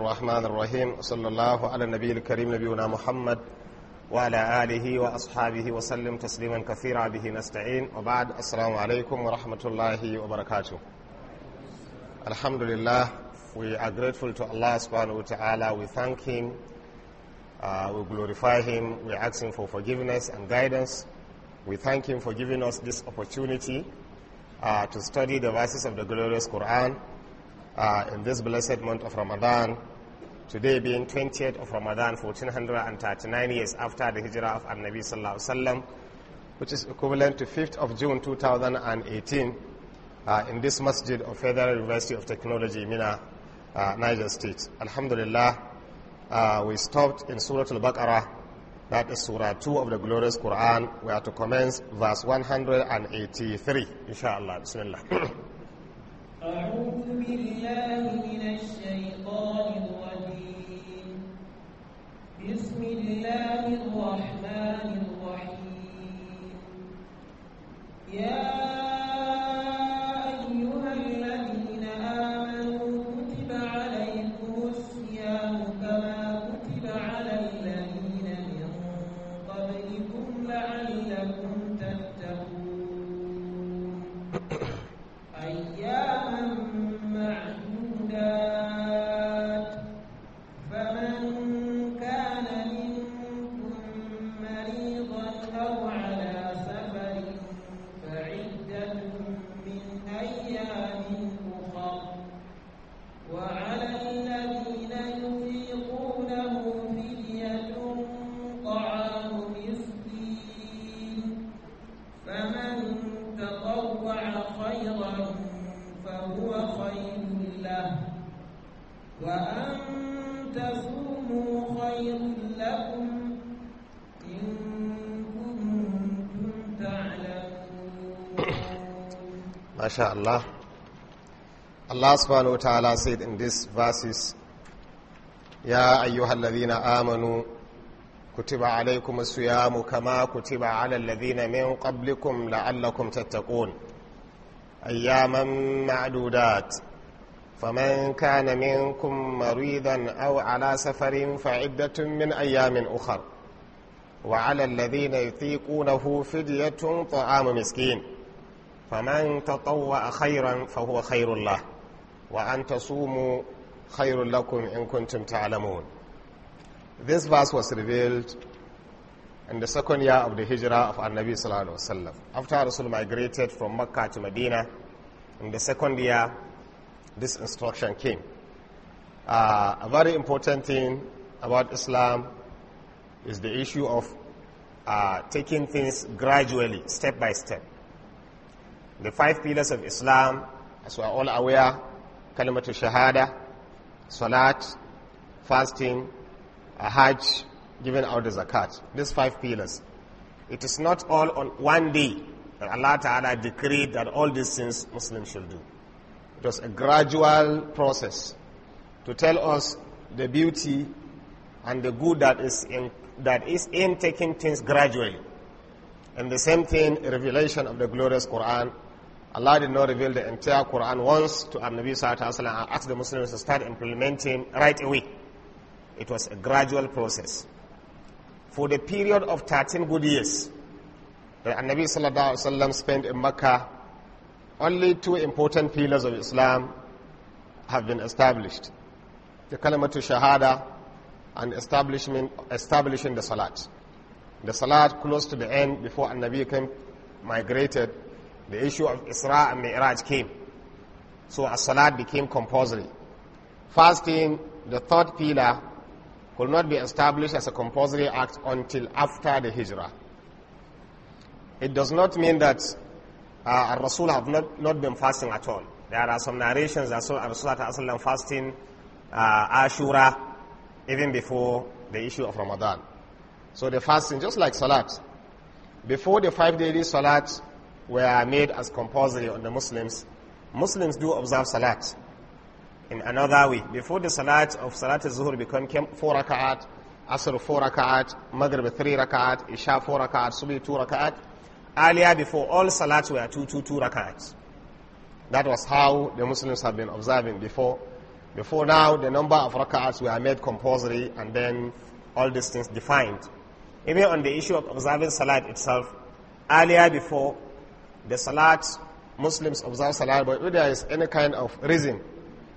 الرحمن الرحيم صلى الله على النبي الكريم نبينا محمد وعلى آله وأصحابه وسلم تسليما كثيرا به نستعين وبعد السلام عليكم ورحمة الله وبركاته الحمد لله we are grateful to Allah subhanahu wa we thank him uh, we glorify him we ask him for forgiveness and guidance we thank him for giving us this opportunity uh, to study the verses of the glorious Quran uh, in this blessed month of Ramadan today being 20th of Ramadan, 1439 years after the hijrah of An-Nabi Sallallahu Alaihi Wasallam, which is equivalent to 5th of June 2018 uh, in this masjid of Federal University of Technology, Mina, uh, Niger State. Alhamdulillah, uh, we stopped in Surah Al-Baqarah, that is Surah 2 of the glorious Quran. We are to commence verse 183, inshallah. Bismillah. Yeah. insha Allah. Allah subhanahu wa ta'ala said in these verses, Ya ayyuhal ladhina amanu kutiba alaikum as-siyamu kama kutiba ala alladhina min qablikum la'allakum tattaqun. Ayyaman ma'dudat. فمن كان منكم مريضا أو على سفر فعدة من أيام أخر وعلى الذين يطيقونه فدية طعام مسكين فمن تطوع خيرا فهو خير اللَّهِ وأن تصوموا خير لكم إن كنتم تعلمون This verse was revealed in the second year of the hijrah of our Nabi Sallallahu Alaihi Wasallam. After Rasul migrated from Makkah to Medina, in the second year, this instruction came. Uh, a very important thing about Islam is the issue of uh, taking things gradually, step by step the five pillars of Islam, as we are all aware, kalimatul shahada, salat, fasting, uh, hajj, giving out the zakat. These five pillars. It is not all on one day that Allah Ta'ala decreed that all these things Muslims should do. It was a gradual process to tell us the beauty and the good that is in, that is in taking things gradually. And the same thing, revelation of the glorious Quran Allah did not reveal the entire Quran once to Al Nabi Sallallahu Alaihi and asked the Muslims to start implementing right away. It was a gradual process. For the period of 13 good years, the Nabi Sallallahu Alaihi spent in Mecca, only two important pillars of Islam have been established. The Kalimatu Shahada and establishment, establishing the Salat. The Salat close to the end before Al-Nabi came, migrated the issue of Isra and Mi'raj came. So as Salat became compulsory. Fasting, the third pillar, could not be established as a compulsory act until after the Hijrah. It does not mean that uh, Rasul have not, not been fasting at all. There are some narrations that Rasul have fasting uh, Ashura even before the issue of Ramadan. So the fasting, just like Salat, before the five daily Salat, were made as compulsory on the Muslims, Muslims do observe salat in another way. Before the salat of salat al-zuhur became four rak'at, asr four rak'at, maghrib three rak'at, isha four rak'at, subi two rak'at. Earlier before all salat were two, two, two rak'at. That was how the Muslims have been observing before. Before now, the number of rak'ats were made compulsory and then all these things defined. Even on the issue of observing salat itself, earlier before, the Salat, Muslims observe Salat, but if there is any kind of reason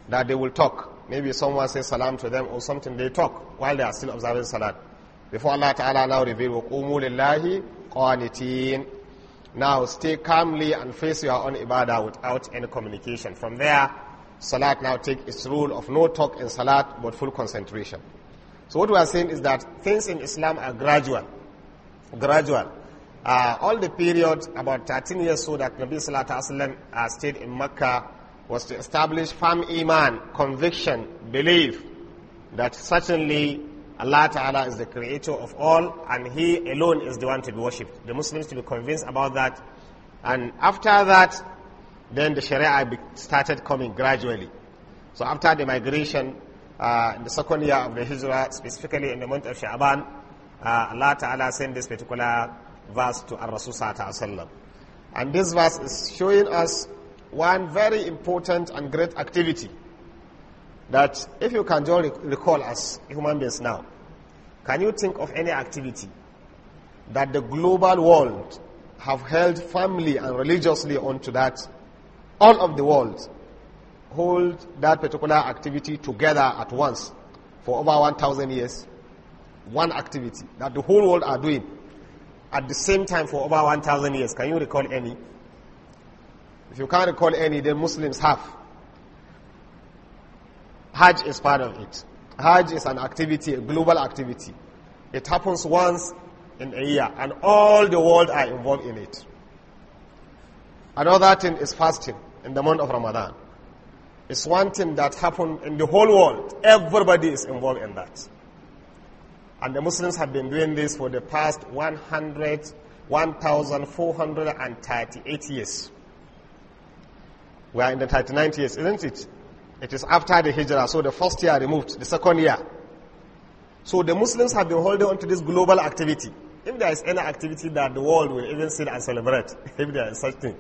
that they will talk, maybe someone says Salam to them or something, they talk while they are still observing Salat. Before Allah Ta'ala now reveal, وَقُومُوا لِلَّهِ Now stay calmly and face your own ibadah without any communication. From there, Salat now take its rule of no talk in Salat, but full concentration. So what we are saying is that things in Islam are gradual. Gradual. Uh, all the period, about 13 years so that Nabi Sallallahu uh, stayed in Mecca, was to establish firm iman, conviction, belief that certainly Allah Ta'ala is the creator of all and He alone is the one to be worshipped. The Muslims to be convinced about that. And after that, then the Sharia started coming gradually. So after the migration, uh, the second year of the Hijrah, specifically in the month of Sha'ban, uh, Allah Ta'ala sent this particular verse to Ar-Rasul sallallahu And this verse is showing us one very important and great activity that if you can just recall as human beings now, can you think of any activity that the global world have held firmly and religiously onto that all of the world hold that particular activity together at once for over 1,000 years. One activity that the whole world are doing at the same time for over 1,000 years. Can you recall any? If you can't recall any, then Muslims have. Hajj is part of it. Hajj is an activity, a global activity. It happens once in a year, and all the world are involved in it. Another thing is fasting in the month of Ramadan. It's one thing that happened in the whole world. Everybody is involved in that. And the Muslims have been doing this for the past 100, 1,438 years. We are in the 39th years, isn't it? It is after the Hijrah, so the first year removed, the second year. So the Muslims have been holding on to this global activity. If there is any activity that the world will even sit and celebrate, if there is such thing,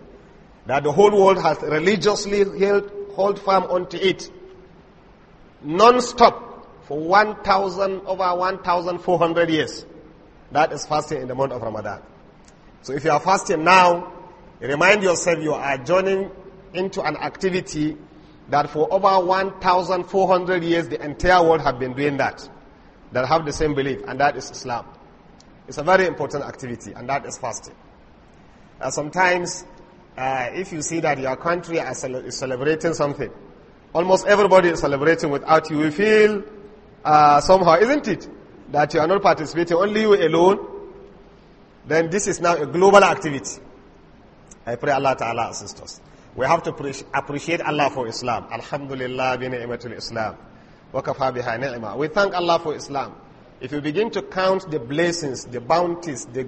that the whole world has religiously held, hold firm onto it, non-stop for 1,000, over 1,400 years. That is fasting in the month of Ramadan. So if you are fasting now, remind yourself you are joining into an activity that for over 1,400 years the entire world have been doing that, that have the same belief, and that is Islam. It's a very important activity, and that is fasting. Uh, sometimes, uh, if you see that your country is celebrating something, almost everybody is celebrating without you, you feel uh, somehow, isn't it? That you are not participating, only you alone. Then this is now a global activity. I pray Allah Ta'ala assist us. We have to appreciate Allah for Islam. Alhamdulillah bi ni'matul Islam. Wa We thank Allah for Islam. If you begin to count the blessings, the bounties, the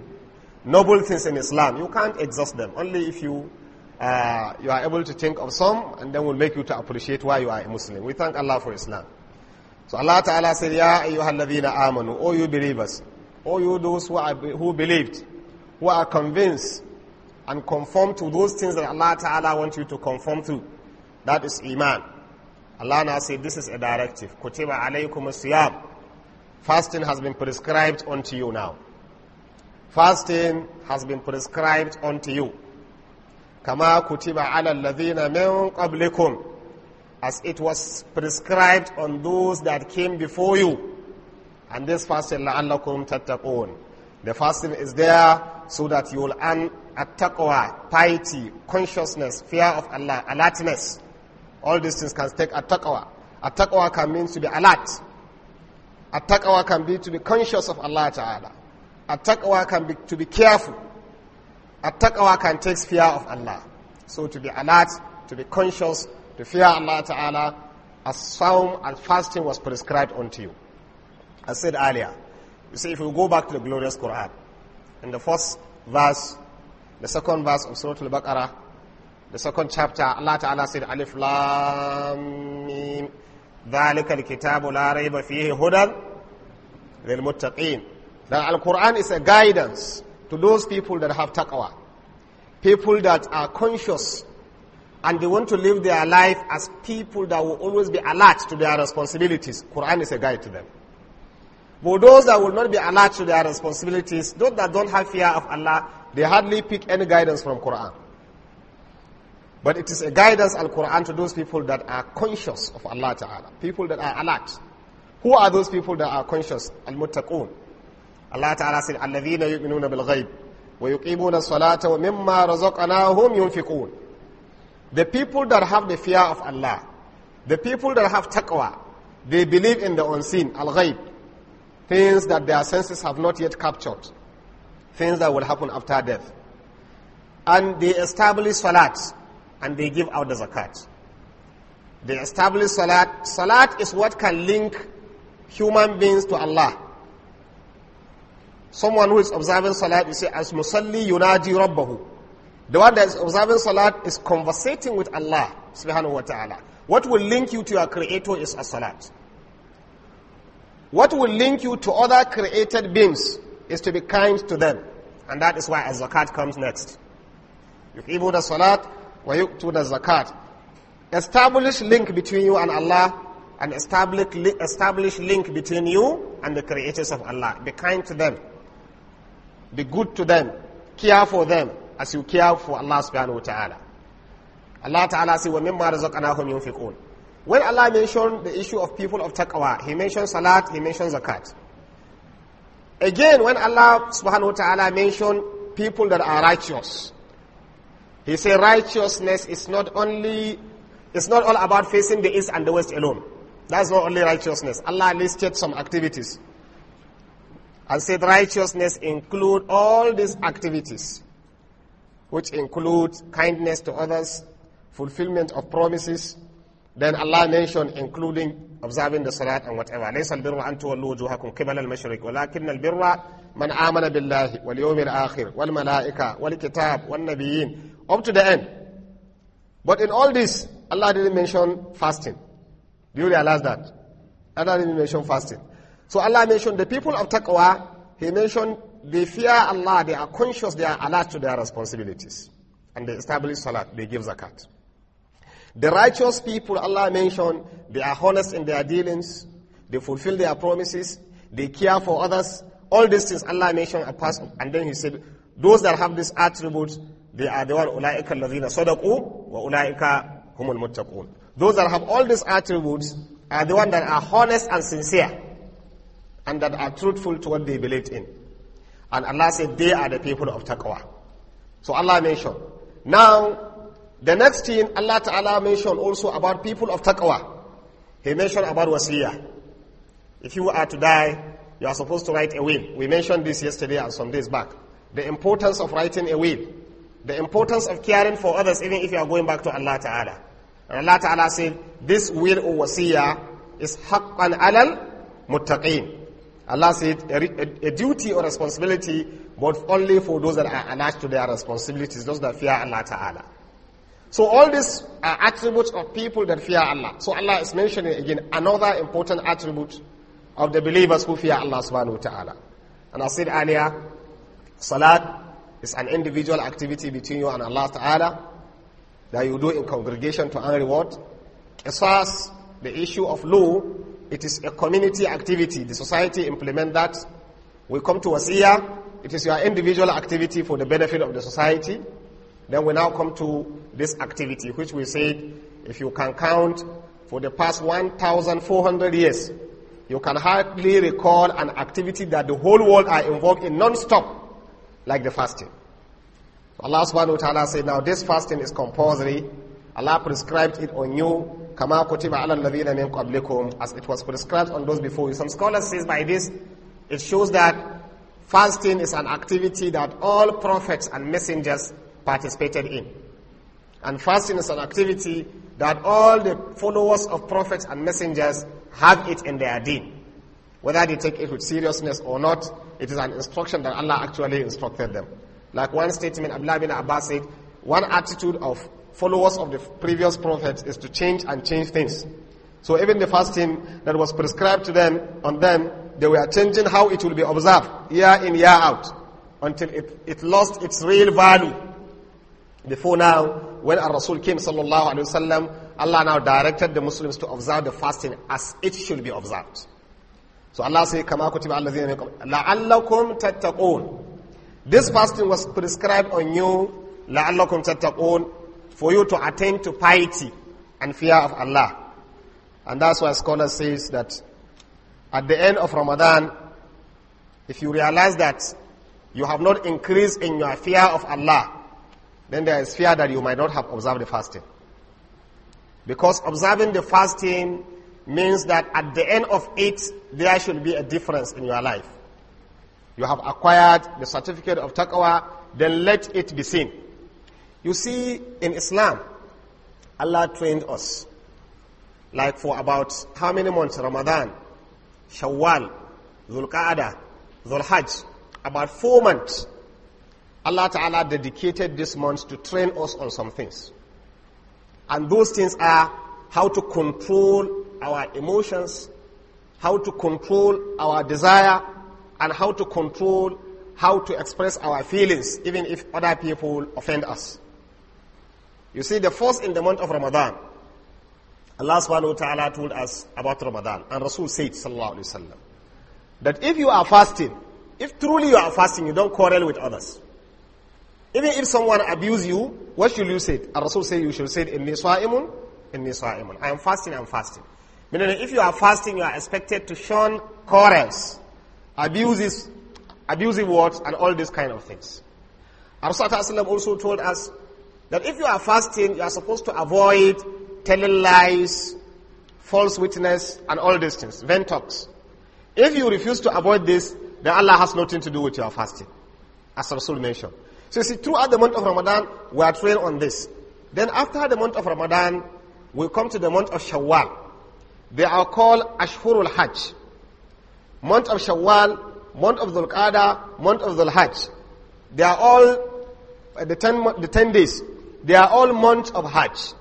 noble things in Islam, you can't exhaust them. Only if you uh, you are able to think of some, and then will make you to appreciate why you are a Muslim. We thank Allah for Islam. So Allah Ta'ala said, Ya ayyuhalladhina amanu, O you believers, O you those who, are, who believed, who are convinced and conform to those things that Allah Ta'ala wants you to conform to. That is Iman. Allah now said, this is a directive. Kutiba alaykum siyam. Fasting has been prescribed unto you now. Fasting has been prescribed unto you. Kama kutiba ala alladhina min qablikum as it was prescribed on those that came before you. And this fasting, لَعَلَّكُمْ تَتَّقُونَ The fasting is there so that you will earn attaqwa, piety, consciousness, fear of Allah, alertness. All these things can take attaqwa. Attaqwa can mean to be alert. Attaqwa can be to be conscious of Allah Ta'ala. Attaqwa can be to be careful. Attaqwa can take fear of Allah. So to be alert, to be conscious, the fear Allah Ta'ala as psalm and fasting was prescribed unto you. I said earlier, you see, if we go back to the glorious Quran, in the first verse, the second verse of Surah Al-Baqarah, the second chapter, Allah Ta'ala said, Alif Lam Mim, ذَلِكَ الْكِتَابُ لَا رَيْبَ فِيهِ هُدًى لِلْمُتَّقِينَ That Al-Quran is a guidance to those people that have taqwa, people that are conscious and they want to live their life as people that will always be alert to their responsibilities. Quran is a guide to them. But those that will not be alert to their responsibilities, those that don't have fear of Allah, they hardly pick any guidance from Quran. But it is a guidance al Quran to those people that are conscious of Allah Ta'ala, people that are alert. Who are those people that are conscious? Al Muttaqun. Allah Ta'ala said, Alladhina yu'minuna bil ghayb wa yuqimuna as-salata wa the people that have the fear of Allah, the people that have taqwa, they believe in the unseen, al-ghaib, things that their senses have not yet captured, things that will happen after death. And they establish salat, and they give out the zakat. They establish salat. Salat is what can link human beings to Allah. Someone who is observing salat, you say, as musalli yunaji rabbahu. The one that is observing salat is conversating with Allah subhanahu wa ta'ala. What will link you to your creator is a salat. What will link you to other created beings is to be kind to them. And that is why a zakat comes next. You the you الصَّلَاةِ the zakat. Establish link between you and Allah and establish, establish link between you and the creators of Allah. Be kind to them. Be good to them. Care for them as you care for Allah subhanahu wa ta'ala. Allah ta'ala says, وَمِمَّا رَزَقْنَاهُمْ يُنْفِقُونَ When Allah mentioned the issue of people of taqwa, He mentioned salat, He mentioned zakat. Again, when Allah subhanahu wa ta'ala mentioned people that are righteous, He said righteousness is not only, it's not all about facing the east and the west alone. That's not only righteousness. Allah listed some activities and said righteousness include all these activities which include kindness to others, fulfillment of promises. Then Allah mentioned including observing the salat and whatever. ليس البر أن تولوا وجوهكم قبل المشرق ولكن البر من آمن بالله واليوم الآخر والملائكة والكتاب والنبيين up to the end. But in all this, Allah didn't mention fasting. Do you realize that? Allah didn't mention fasting. So Allah mentioned the people of Taqwa, He mentioned they fear Allah, they are conscious, they are alert to their responsibilities. And they establish salat, they give zakat. The righteous people Allah mentioned, they are honest in their dealings, they fulfill their promises, they care for others. All these things Allah mentioned and then He said, those that have these attributes, they are the one ulaika alladhina sadaqu wa ulaika humul muttaqun. Those that have all these attributes are the one that are honest and sincere and that are truthful to what they believed in. And Allah said, they are the people of taqwa. So Allah mentioned. Now, the next thing Allah Ta'ala mentioned also about people of taqwa. He mentioned about wasiyah. If you are to die, you are supposed to write a will. We mentioned this yesterday and some days back. The importance of writing a will. The importance of caring for others even if you are going back to Allah Ta'ala. And Allah Ta'ala said, this will or wasiyah is haqqan alal muttaqeen. Allah said a, a, a, duty or responsibility, but only for those that are attached to their responsibilities, those that fear Allah Ta'ala. So all these are attributes of people that fear Allah. So Allah is mentioning again another important attribute of the believers who fear Allah subhanahu wa ta'ala. And I said earlier, salat is an individual activity between you and Allah ta'ala that you do in congregation to earn reward. As far as the issue of law it is a community activity. The society implement that. We come to wasiya. It is your individual activity for the benefit of the society. Then we now come to this activity, which we said, if you can count for the past 1,400 years, you can hardly recall an activity that the whole world are involved in non-stop, like the fasting. Allah subhanahu wa ta'ala said, now this fasting is compulsory Allah prescribed it on you كما كتب على الذين من قبلكم as it was prescribed on those before you. Some scholars say by this, it shows that fasting is an activity that all prophets and messengers participated in. And fasting is an activity that all the followers of prophets and messengers have it in their deen. Whether they take it with seriousness or not, it is an instruction that Allah actually instructed them. Like one statement Abdullah bin Abbas said, one attitude of followers of the previous prophets is to change and change things. So even the fasting that was prescribed to them, on them, they were changing how it will be observed year in, year out, until it, it lost its real value. Before now, when our Rasul came, sallallahu alayhi wasallam, Allah now directed the Muslims to observe the fasting as it should be observed. So Allah says, Kama kutiba alladhina This fasting was prescribed on you, la'allakum tattaqun, for you to attain to piety and fear of Allah. And that's why scholar says that at the end of Ramadan, if you realize that you have not increased in your fear of Allah, then there is fear that you might not have observed the fasting. Because observing the fasting means that at the end of it, there should be a difference in your life. You have acquired the certificate of taqwa, then let it be seen. You see, in Islam, Allah trained us. Like for about how many months? Ramadan, Shawwal, Dhul Zulhaj. Dhul Hajj. About four months. Allah Ta'ala dedicated this month to train us on some things. And those things are how to control our emotions, how to control our desire, and how to control how to express our feelings, even if other people offend us. You see, the first in the month of Ramadan, Allah subhanahu wa ta'ala told us about Ramadan. And Rasul said, sallallahu alayhi wasallam, that if you are fasting, if truly you are fasting, you don't quarrel with others. Even if someone abuse you, what should you say? And Rasul said, you should say, inni sa'imun, inni sa'imun. I am fasting, I am fasting. Meaning, if you are fasting, you are expected to shun quarrels, abuses, abusive words, and all these kind of things. Rasul also told us that if you are fasting, you are supposed to avoid telling lies, false witness, and all these things, vain talks. If you refuse to avoid this, then Allah has nothing to do with your fasting, as Rasul mentioned. So you see, throughout the month of Ramadan, we are trained on this. Then after the month of Ramadan, we come to the month of Shawwal. They are called Ashhurul Hajj. Month of Shawwal, month of Dhul Qada, month of Dhul Hajj. They are all uh, the ten, the 10 days they are all months of Hajj.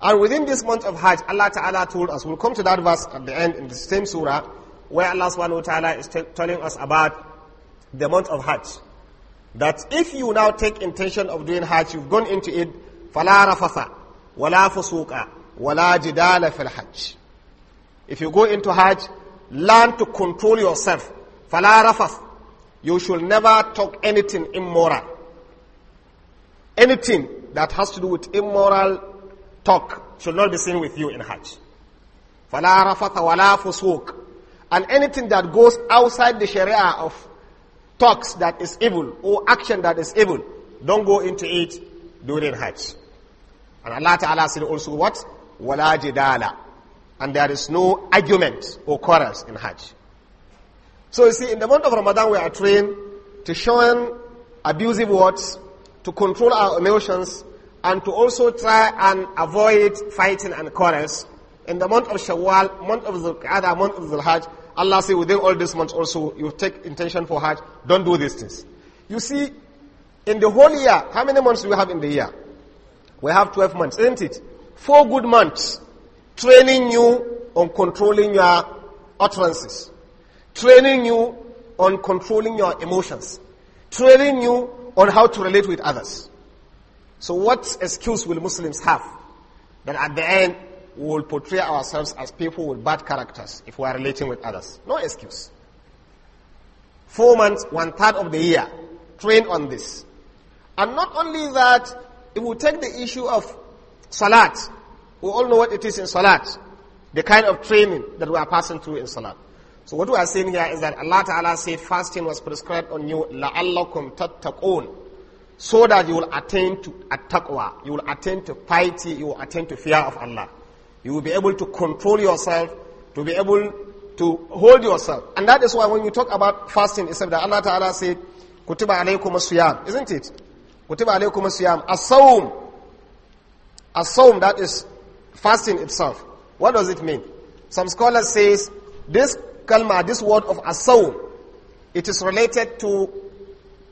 And within this month of Hajj, Allah Ta'ala told us, we'll come to that verse at the end in the same surah, where Allah Subhanahu wa Ta'ala is telling us about the month of Hajj. That if you now take intention of doing Hajj, you've gone into it, فَلَا رَفَثَ وَلَا فُسُوقَ وَلَا جِدَالَ فِي الْحَجِّ If you go into Hajj, learn to control yourself. فَلَا رَفَثَ You should never talk anything immoral. Anything that has to do with immoral talk should not be seen with you in Hajj. فَلَا رَفَثَ وَلَا فُسُوقٍ And anything that goes outside the Sharia of talks that is evil or action that is evil, don't go into it during Hajj. And Allah Ta'ala said also what? وَلَا جِدَالًا And there is no argument or quarrels in Hajj. So you see, in the month of Ramadan we are trained to shun abusive words to control our emotions and to also try and avoid fighting and quarrels. In the month of Shawwal, month of Zulqa'dah, month of Zulhajj, Allah say within all these months also, you take intention for Hajj, don't do these things. You see, in the whole year, how many months do we have in the year? We have 12 months, isn't it? Four good months training you on controlling your utterances, training you on controlling your emotions, training you on how to relate with others. So what excuse will Muslims have that at the end we will portray ourselves as people with bad characters if we are relating with others? No excuse. Four months, one third of the year, train on this. And not only that, if we take the issue of salat, we all know what it is in salat, the kind of training that we are passing through in salat. So what we are saying here is that Allah Ta'ala said fasting was prescribed on you, لَعَلَّكُمْ تَتَّقُونَ So that you will attain to at-taqwa, you will attain to piety, you will attain to fear of Allah. You will be able to control yourself, to be able to hold yourself. And that is why when you talk about fasting, except that Allah Ta'ala said, كُتِبَ عَلَيْكُمُ السِّيَامِ Isn't it? كُتِبَ عَلَيْكُمُ السِّيَامِ الصَّوْمِ الصَّوْمِ, that is fasting itself. What does it mean? Some scholars says this kalma, this word of asaw, it is related to,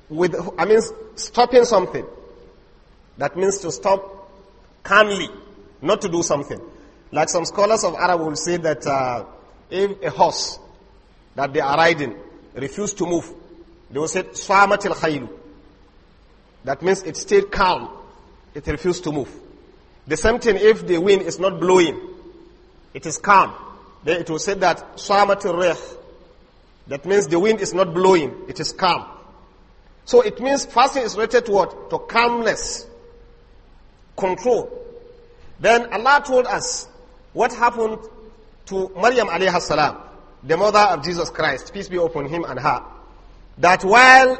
with, I mean, stopping something. That means to stop calmly, not to do something. Like some scholars of Arab will say that uh, if a horse that they are riding refused to move, they will say, swamatil khaylu. That means it stayed calm. It refused to move. The same thing if the wind is not blowing. It is calm. It was said that Samatir Reh. That means the wind is not blowing, it is calm. So it means fasting is related to what? To calmness, control. Then Allah told us what happened to Maryam alayhi salam, the mother of Jesus Christ, peace be upon him and her, that while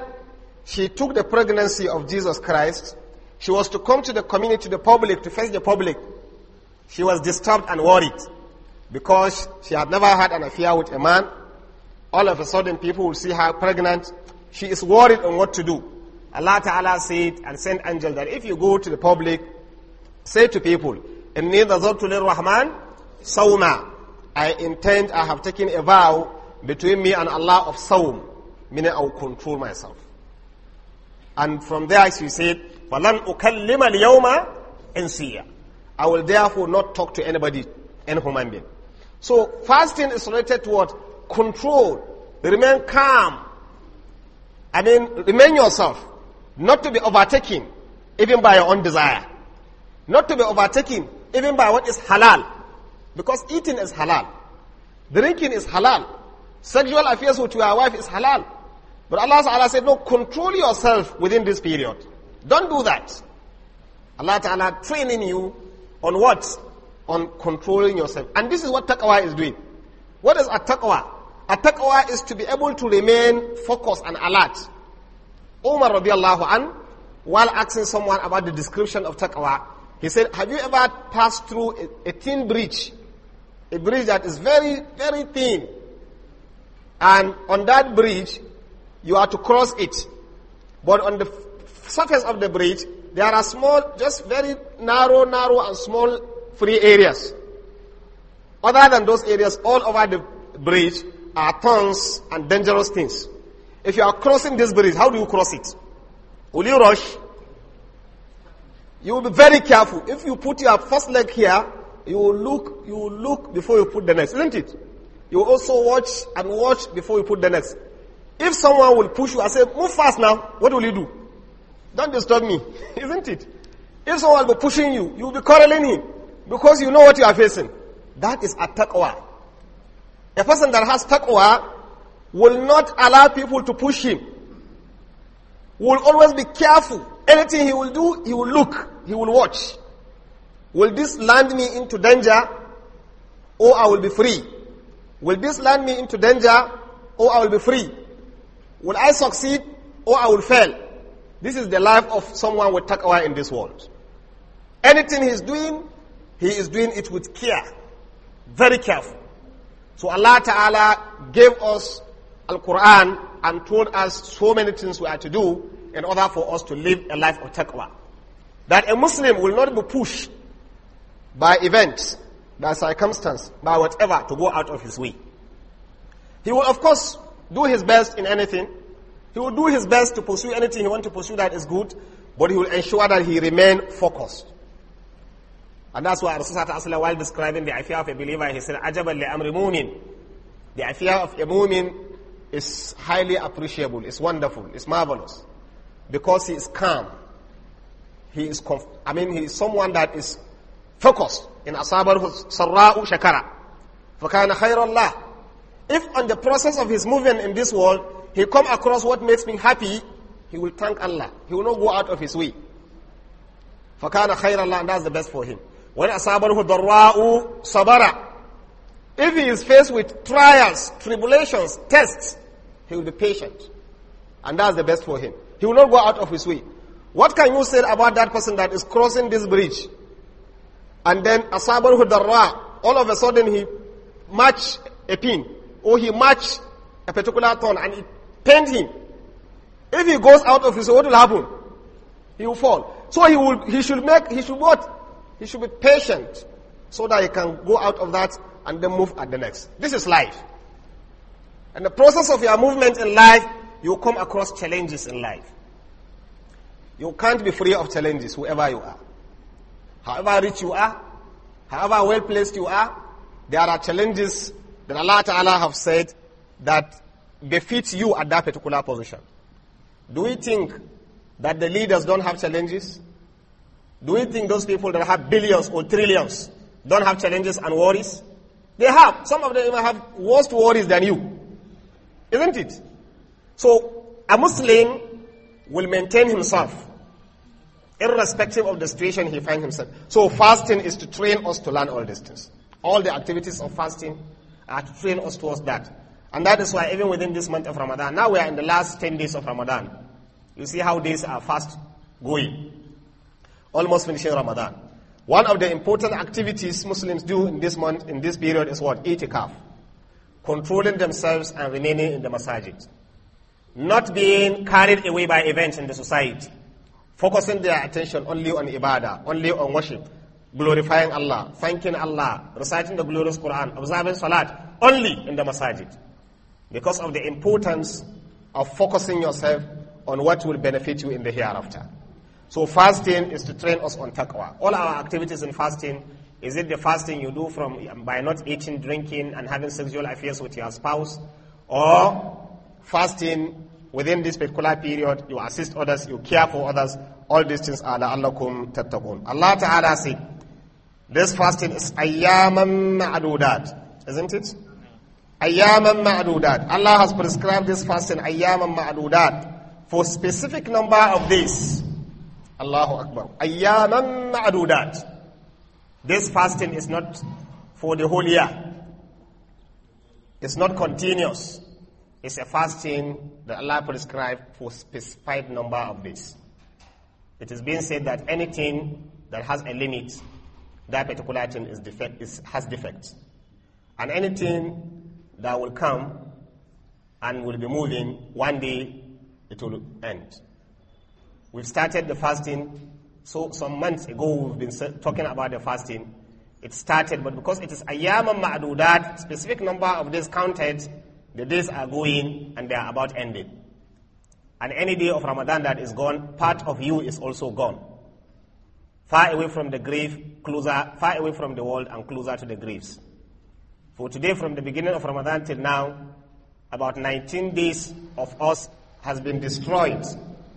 she took the pregnancy of Jesus Christ, she was to come to the community, to the public, to face the public. She was disturbed and worried because she had never had an affair with a man. All of a sudden, people will see her pregnant. She is worried on what to do. Allah Ta'ala said and sent angel that if you go to the public, say to people, إِنِّي ذَذَرْتُ Rahman, Sawma." I intend, I have taken a vow between me and Allah of sawm, meaning I will control myself. And from there she said, فَلَنْ أُكَلِّمَ الْيَوْمَ إِنْسِيَّا I will therefore not talk to anybody, any human being. So fasting is related to what? Control. Remain calm. I mean, remain yourself. Not to be overtaken, even by your own desire. Not to be overtaken, even by what is halal. Because eating is halal. Drinking is halal. Sexual affairs with your wife is halal. But Allah Ta'ala said, no, control yourself within this period. Don't do that. Allah Ta'ala training you on what? on controlling yourself. And this is what taqwa is doing. What is a taqwa? A taqwa is to be able to remain focused and alert. Umar radiallahu an, while asking someone about the description of taqwa, he said, have you ever passed through a, a thin bridge? A bridge that is very, very thin. And on that bridge, you are to cross it. But on the surface of the bridge, there are small, just very narrow, narrow and small three areas. Other than those areas, all over the bridge are thorns and dangerous things. If you are crossing this bridge, how do you cross it? Will you rush? You will be very careful. If you put your first leg here, you will look, you will look before you put the next, isn't it? You will also watch and watch before you put the next. If someone will push you and say, move fast now, what will you do? Don't disturb me, isn't it? If someone will be pushing you, you will be quarreling him because you know what you are facing. That is a taqwa. A person that has taqwa will not allow people to push him. Will always be careful. Anything he will do, he will look, he will watch. Will this land me into danger or I will be free? Will this land me into danger or I will be free? Will I succeed or I will fail? This is the life of someone with taqwa in this world. Anything he's doing, he is doing it with care, very careful. So Allah Ta'ala gave us Al-Quran and told us so many things we are to do in order for us to live a life of taqwa. That a Muslim will not be pushed by events, by circumstance, by whatever to go out of his way. He will of course do his best in anything. He will do his best to pursue anything he wants to pursue that is good, but he will ensure that he remain focused. And that's why Rasulullah while describing the affair of a believer, he said, Ajaban li amri mumin. The affair of a mumin is highly appreciable, it's wonderful, it's marvelous. Because he is calm. He is, I mean, he is someone that is focused. In asabarhu sarra'u shakara. فَكَانَ خَيْرَ اللَّهِ If on the process of his moving in this world, he come across what makes me happy, he will thank Allah. He will not go out of his way. فَكَانَ خَيْرَ اللَّهِ And that's the best for him. When asabahu darra'u sabara. If he is faced with trials, tribulations, tests, he will be patient. And that's the best for him. He will not go out of his way. What can you say about that person that is crossing this bridge? And then asabahu darra, all of a sudden he match a pin or he match a particular thorn and it pained him. If he goes out of his way, what will happen? He will fall. So he will, he should make, he should what? He should be patient so that he can go out of that and then move at the next. This is life. And the process of your movement in life, you come across challenges in life. You can't be free of challenges, whoever you are. However rich you are, however well placed you are, there are challenges that Allah Ta'ala have said that befits you at that particular position. Do we think that the leaders don't have challenges? Do we think those people that have billions or trillions don't have challenges and worries? They have. Some of them even have worse worries than you. Isn't it? So, a Muslim will maintain himself irrespective of the situation he finds himself. So, fasting is to train us to learn all these things. All the activities of fasting are to train us towards that. And that is why, even within this month of Ramadan, now we are in the last 10 days of Ramadan. You see how days are fast going almost finishing Ramadan. One of the important activities Muslims do in this month, in this period is what? Itikaf. Controlling themselves and remaining in the masajid. Not being carried away by events in the society. Focusing their attention only on ibadah, only on worship, glorifying Allah, thanking Allah, reciting the glorious Quran, observing salat, only in the masajid. Because of the importance of focusing yourself on what will benefit you in the hereafter. So fasting is to train us on taqwa. All our activities in fasting, is it the fasting you do from um, by not eating, drinking, and having sexual affairs with your spouse, or fasting within this particular period, you assist others, you care for others, all these things are la'allakum tattaqun. Allah Ta'ala said, this fasting is ayyaman ma'adudat, isn't it? Ayyaman ma'adudat. Allah has prescribed this fasting ayyaman ma'adudat for specific number of days. Allahu Akbar. Ayyaman ma'adudat. This fasting is not for the whole year. It's not continuous. It's a fasting that Allah prescribed for specified number of days. It is being said that anything that has a limit, that particular thing is defect, is, has defects, And anything that will come and will be moving, one day it will end. We've started the fasting. So some months ago, we've been talking about the fasting. It started, but because it is ayyam ma'adudat, specific number of days counted, the days are going and they are about ending. And any day of Ramadan that is gone, part of you is also gone. Far away from the grave, closer, far away from the world and closer to the graves. For today, from the beginning of Ramadan till now, about 19 days of us has been destroyed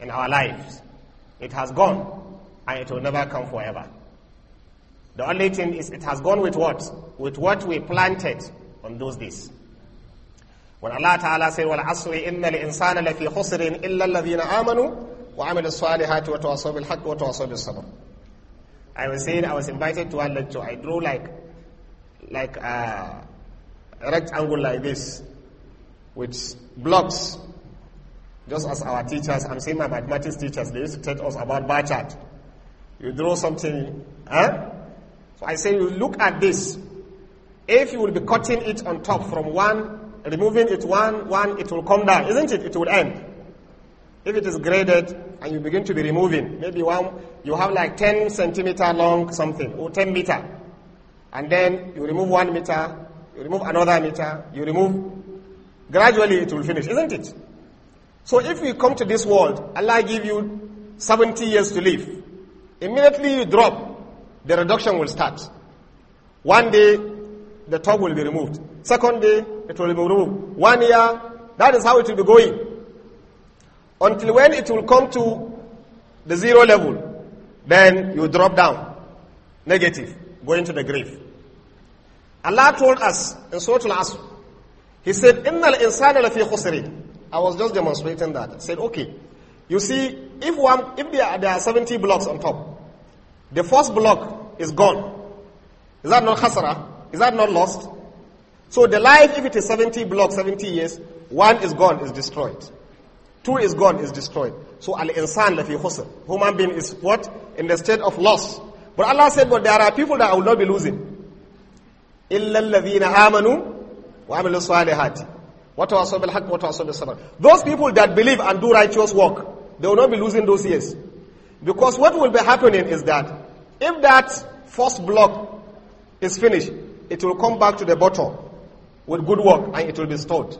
in our lives. It has gone and it will never come forever. The only thing is it has gone with what? With what we planted on those days. When Allah Ta'ala said, وَالْعَصْرِ إِنَّ الْإِنسَانَ لَفِي خُسْرٍ إِلَّا الَّذِينَ آمَنُوا وَعَمِلُوا الصَّالِحَاتِ وَتَوَصَوْا بِالْحَقِّ وَتَوَصَوْا بِالصَّبْرِ I was saying I was invited to a lecture. I drew like like uh, a rectangle like this with blocks just as our teachers, I'm saying my mathematics teachers, they used to tell us about bar chart. You draw something, huh? So I say you look at this. If you will be cutting it on top from one, removing it one, one, it will come down, isn't it? It will end. If it is graded and you begin to be removing, maybe one, you have like 10 centimeter long something or 10 meter. And then you remove one meter, you remove another meter, you remove. Gradually it will finish, isn't it? So if you come to this world, Allah give you 70 years to live. Immediately you drop, the reduction will start. One day, the top will be removed. Second day, it will be removed. One year, that is how it will be going. Until when it will come to the zero level, then you drop down. Negative, going to the grave. Allah told us in Surah Al-Asr, He said, إِنَّ الْإِنسَانَ لَفِي خُسْرٍ I was just demonstrating that. I said, okay, you see, if one, if there are, there are 70 blocks on top, the first block is gone. Is that not khasara? Is that not lost? So the life, if it is 70 blocks, 70 years, one is gone, is destroyed. Two is gone, is destroyed. So al-insan lafi khusr. Human being is what? In the state of loss. But Allah said, but there are people that I will not be losing. إِلَّا الَّذِينَ آمَنُوا وَعَمِلُوا الصَّالِحَاتِ those people that believe and do righteous work, they will not be losing those years. Because what will be happening is that if that first block is finished, it will come back to the bottom with good work and it will be stored.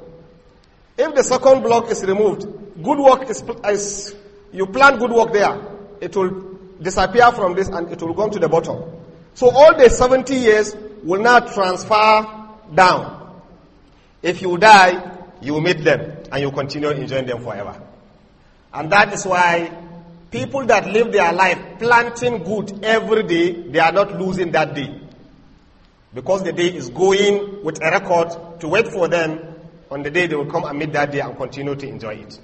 If the second block is removed, good work is, is you plant good work there, it will disappear from this and it will go to the bottom. So all the 70 years will now transfer down. If you die, you meet them and you continue enjoying them forever. And that is why people that live their life planting good every day, they are not losing that day. Because the day is going with a record to wait for them. On the day they will come and meet that day and continue to enjoy it.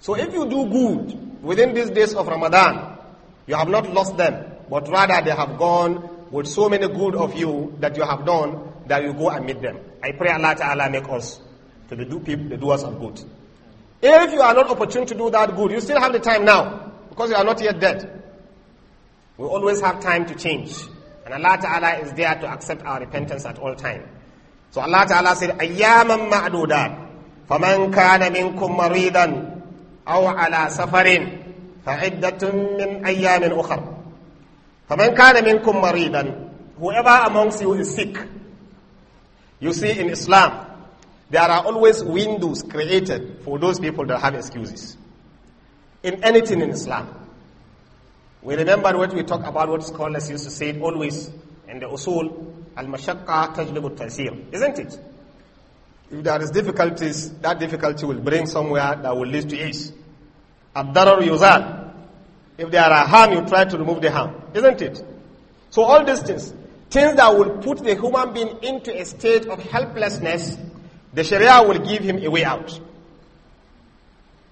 So if you do good within these days of Ramadan, you have not lost them, but rather they have gone with so many good of you that you have done that you go and meet them. I pray Allah Ta'ala make us to be do people, the doers of good. If you are not opportune to do that good, you still have the time now because you are not yet dead. We always have time to change. And Allah Ta'ala is there to accept our repentance at all time. So Allah Ta'ala said, أَيَّامًا مَعْدُودًا فَمَنْ كَانَ مِنْكُمْ مَرِيضًا أَوْ عَلَى سَفَرٍ فَعِدَّةٌ مِّنْ أَيَّامٍ أُخَرٍ فَمَنْ كَانَ مِنْكُمْ مَرِيضًا Whoever amongst you is sick, you see, in Islam, there are always windows created for those people that have excuses. In anything in Islam. We remember what we talk about, what scholars used to say always in the usul, al-mashaqqa tajlibu tasir, isn't it? If there is difficulties, that difficulty will bring somewhere that will lead to ease. Ad-darar yuzal. If there are harm, you try to remove the harm, isn't it? So all these things, things that will put the human being into a state of helplessness, the Sharia will give him a way out.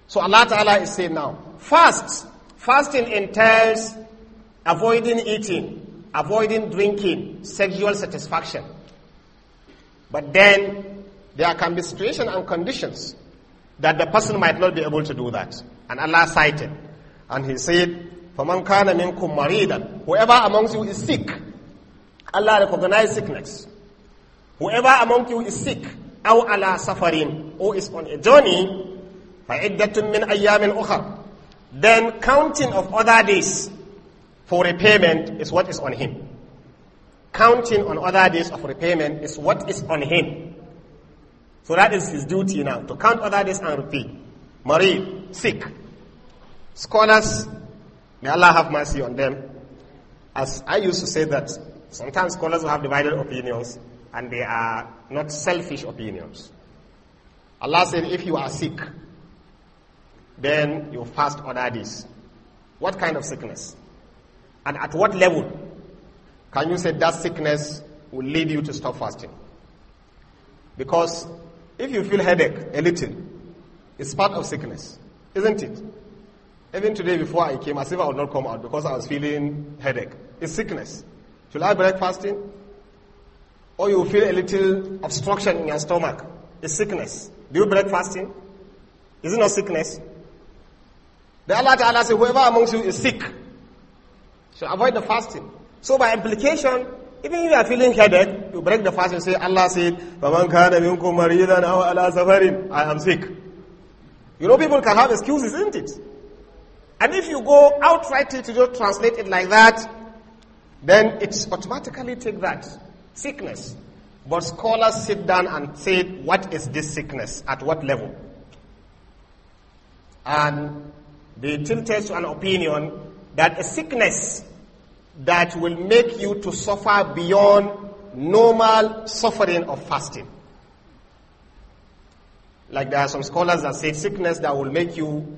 So Allah Ta'ala is saying now, fast. Fasting entails avoiding eating, avoiding drinking, sexual satisfaction. But then there can be situations and conditions that the person might not be able to do that. And Allah cited. And He said, Whoever amongst you is sick, Allah recognizes sickness. Whoever among you is sick, أو على suffering, or is on a journey, فعدة من أيام أخر. Then counting of other days for repayment is what is on him. Counting on other days of repayment is what is on him. So that is his duty now, to count other days and repay. Marie, sick. Scholars, may Allah have mercy on them. As I used to say that Sometimes scholars will have divided opinions and they are not selfish opinions. Allah said, if you are sick, then you fast order this. What kind of sickness? And at what level can you say that sickness will lead you to stop fasting? Because if you feel headache a little, it's part of sickness, isn't it? Even today before I came, as if I would not come out because I was feeling headache. It's sickness. Will I break fasting? Or you feel a little obstruction in your stomach, a sickness. Do you break fasting? Is it not sickness? The Allah Ta'ala says, whoever amongst you is sick should avoid the fasting. So by implication, even if you are feeling headache, you break the fast and say, Allah said, I am sick. You know people can have excuses, isn't it? And if you go outright to just translate it like that, then it's automatically take that sickness. But scholars sit down and say, what is this sickness? At what level? And they tilted to an opinion that a sickness that will make you to suffer beyond normal suffering of fasting. Like there are some scholars that say sickness that will make you,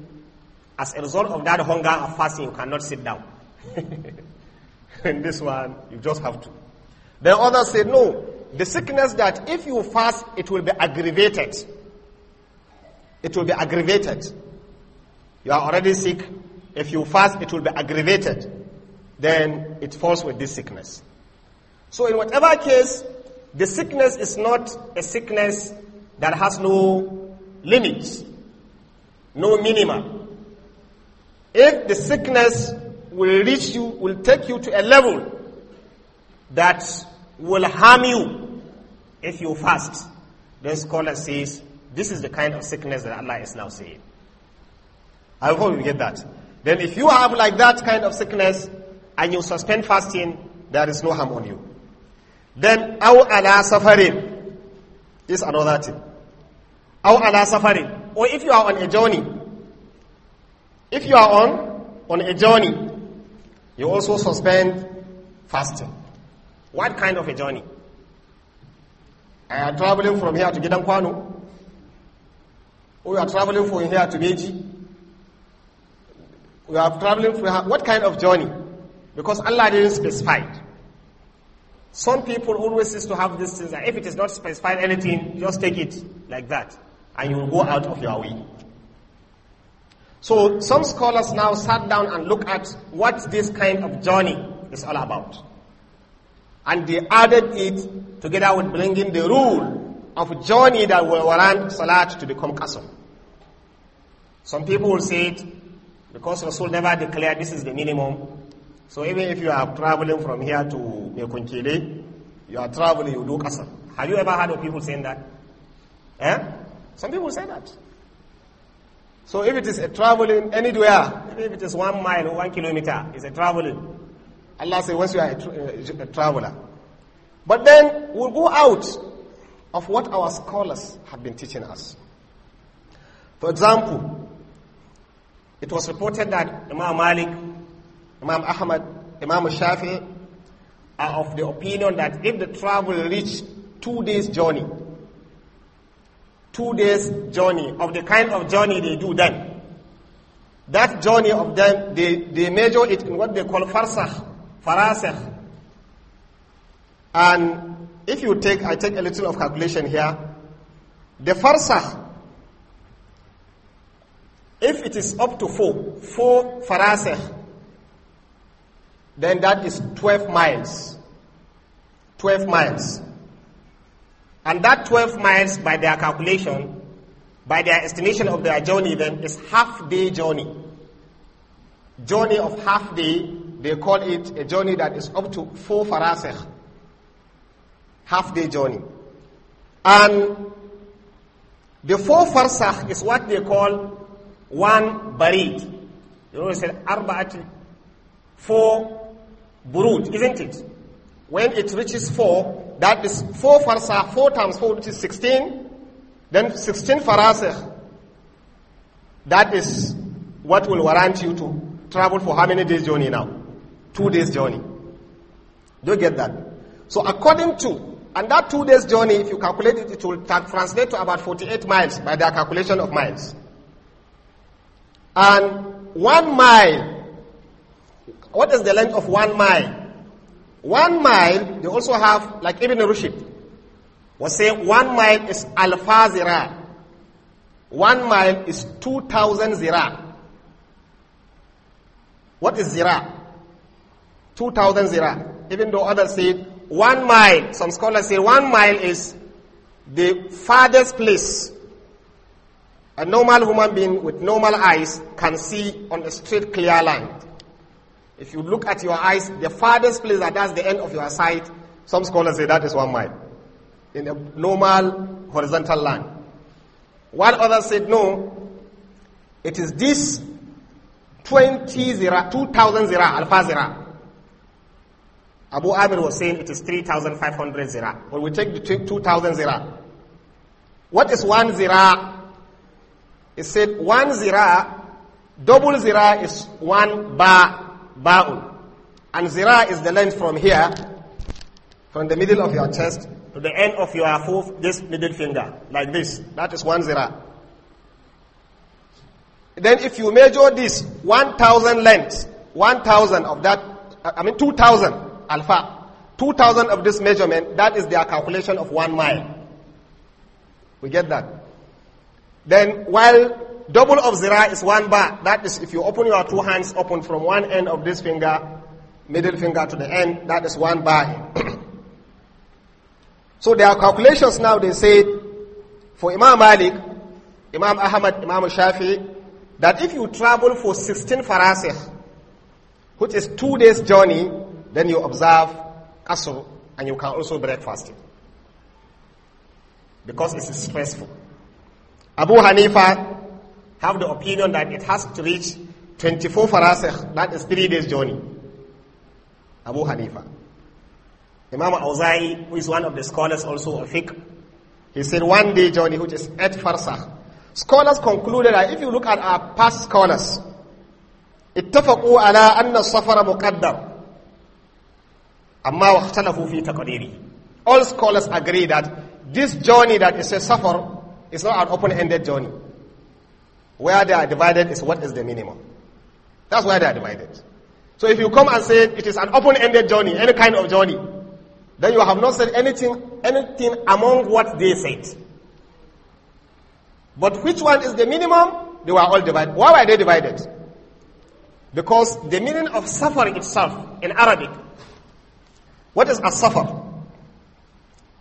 as a result of that hunger of fasting, you cannot sit down. In this one, you just have to. The others say, no, the sickness that if you fast, it will be aggravated. It will be aggravated. You are already sick. If you fast, it will be aggravated. Then it falls with this sickness. So in whatever case, the sickness is not a sickness that has no limits, no minima. If the sickness will reach you, will take you to a level that will harm you if you fast. The scholar says, this is the kind of sickness that Allah is now saying. I hope you get that. Then if you have like that kind of sickness and you suspend fasting, there is no harm on you. Then, aw ala safarin is another thing. Aw ala safarin. Or if you are on a journey, if you are on, on a journey, you also suspend fasting. What kind of a journey? I am traveling from here to Gidankwano, We are traveling from here to Beji. We are traveling from what kind of journey? Because Allah didn't specify. It. Some people always used to have these things that if it is not specified anything, just take it like that, and you will go out of your way. So some scholars now sat down and looked at what this kind of journey is all about. And they added it together with bringing the rule of journey that will warrant Salat to become Qasr. Some people will say it because Rasul never declared this is the minimum. So even if you are traveling from here to Mekunkele, you are traveling, you do Qasr. Have you ever heard of people saying that? Eh? Some people say that. So if it is a traveling anywhere, if it is one mile or one kilometer, it's a traveling. Allah says once you are a, tra a traveler. But then we'll go out of what our scholars have been teaching us. For example, it was reported that Imam Malik, Imam Ahmad, Imam Shafi are of the opinion that if the travel reached two days' journey, two days journey of the kind of journey they do then. That journey of them, they, they measure it in what they call farsakh, farasakh. And if you take, I take a little of calculation here, the farsakh, if it is up to four, four farasakh, then that is 12 miles. 12 miles. And that 12 miles, by their calculation, by their estimation of their journey, then is half day journey. Journey of half day, they call it a journey that is up to four farasakh. Half day journey. And the four farsakh is what they call one barid. You know, we said arba'at, four burud, isn't it? When it reaches four, that is 4 farsakh, 4 times 4, which is 16. Then 16 farasakh. Eh? That is what will warrant you to travel for how many days journey now? Two days journey. Do you get that? So according to, and that two days journey, if you calculate it, it will translate to about 48 miles by their calculation of miles. And one mile, what is the length of one mile? One mile, they also have, like Ibn Rushd was saying, one mile is alfa zira. One mile is 2,000 zira. What is zira? 2,000 zira. Even though others say one mile, some scholars say one mile is the farthest place a normal human being with normal eyes can see on a straight clear line. If you look at your eyes, the farthest place that that's the end of your sight, some scholars say that is one mile in a normal horizontal line. While others said no, it is this 20 zira, 2000 zira, alpha zira. Abu Amir was saying it is 3500 zira. But we take the 2000 zira. What is one zira? It said one zira, double zira is one bar ba'un. And zira is the length from here, from the middle of your chest to the end of your fourth, this middle finger, like this. That is one zira. Then if you measure this 1,000 lengths, 1,000 of that, I mean 2,000 alpha, 2,000 of this measurement, that is their calculation of one mile. We get that. Then while Double of zira is one bar. That is if you open your two hands open from one end of this finger, middle finger to the end, that is one bar. so there are calculations now they say for Imam Malik, Imam Ahmad, Imam Shafi, that if you travel for 16 farasih, which is two days journey, then you observe qasr and you can also break fasting. Because it is stressful. Abu Hanifa have the opinion that it has to reach 24 faras. Eh, that is three days journey. Abu Hanifa. Imam Awzai, who is one of the scholars also of fiqh, he said one day journey, which is eight faras. Scholars concluded that if you look at our past scholars, اتفقوا على أن السفر مقدم أما واختلفوا في تقديري All scholars agree that this journey that is a safar is not an open-ended journey. Where they are divided is what is the minimum. That's why they are divided. So if you come and say it is an open-ended journey, any kind of journey, then you have not said anything, anything among what they said. But which one is the minimum? They were all divided. Why were they divided? Because the meaning of suffering itself in Arabic, what is a suffer?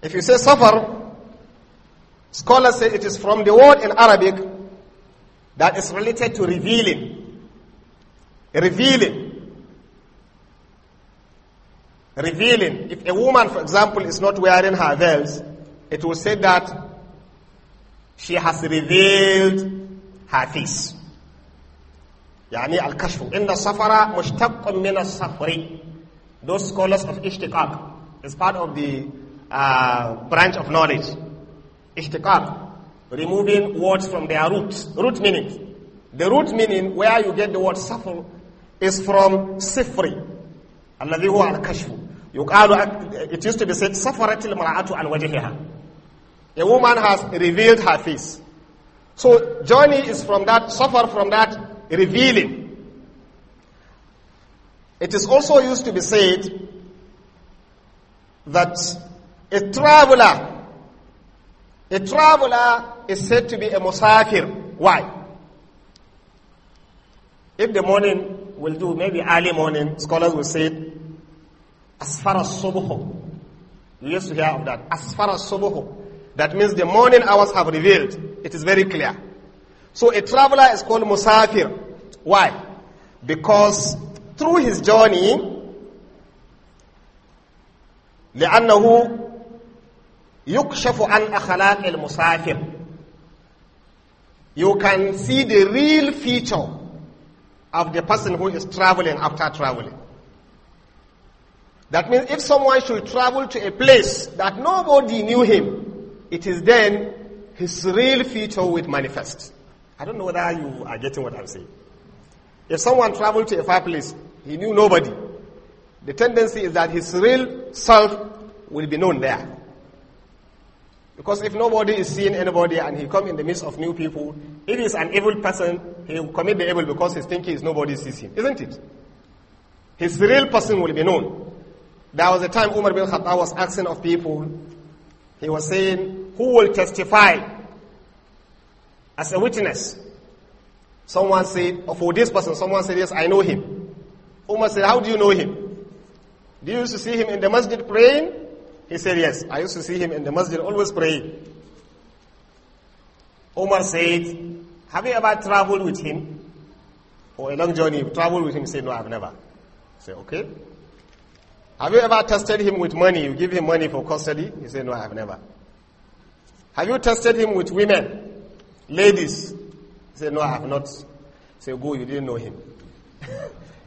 If you say suffer, scholars say it is from the word in Arabic that is related to revealing. Revealing. Revealing. If a woman, for example, is not wearing her veils, it will say that she has revealed her face. يعني الكشف إن السفر مشتق من السفر those scholars of ishtiqaq is part of the uh, branch of knowledge ishtiqaq removing words from their roots. Root meaning. The root meaning where you get the word suffer is from sifri. الذي هو الكشف. يقال it used to be said سفرت المرأة عن وجهها. A woman has revealed her face. So journey is from that, suffer from that revealing. It is also used to be said that a traveler a traveler is said to be a musafir. Why? If the morning will do, maybe early morning, scholars will say as far as subuhu. You used to hear of that. As far as subuhu. That means the morning hours have revealed. It is very clear. So a traveler is called musafir. Why? Because through his journey, لأنه you can see the real feature of the person who is traveling after traveling that means if someone should travel to a place that nobody knew him it is then his real feature will manifest i don't know whether you are getting what i'm saying if someone traveled to a far place, he knew nobody the tendency is that his real self will be known there because if nobody is seeing anybody and he come in the midst of new people, if he's an evil person, he will commit the evil because he's thinking is nobody sees him. Isn't it? His real person will be known. There was a time Umar bin Khattab was asking of people, he was saying, who will testify as a witness? Someone said, or for this person, someone said, yes, I know him. Umar said, how do you know him? Do you used to see him in the masjid praying? He said, yes, I used to see him in the masjid always praying. Omar said, have you ever traveled with him? Or a long journey, traveled with him? He said, no, I've never. I said, okay. Have you ever tested him with money? You give him money for custody? He said, no, I've never. Have you tested him with women? Ladies? He said, no, I have not. I said, go, you didn't know him.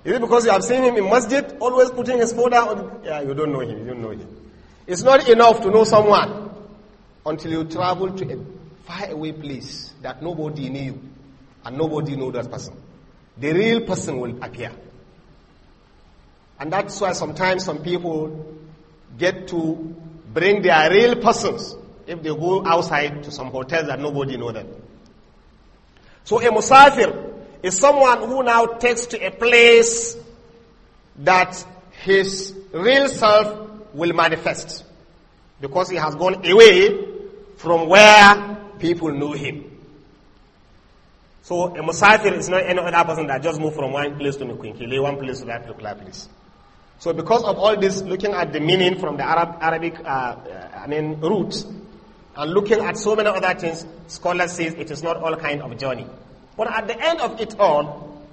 Is it because you have seen him in masjid, always putting his phone down? Yeah, you don't know him, you don't know him. It's not enough to know someone until you travel to a faraway place that nobody knew and nobody knew that person. The real person will appear. And that's why sometimes some people get to bring their real persons if they go outside to some hotels that nobody know them. So a musafir is someone who now takes to a place that his real self will manifest because he has gone away from where people knew him. So a musafir is not any other person that just moved from one place to Nukinkile, one place to that particular place. So because of all this, looking at the meaning from the Arab, Arabic, uh, uh I mean, roots, and looking at so many other things, scholars say it is not all kind of journey. But at the end of it all,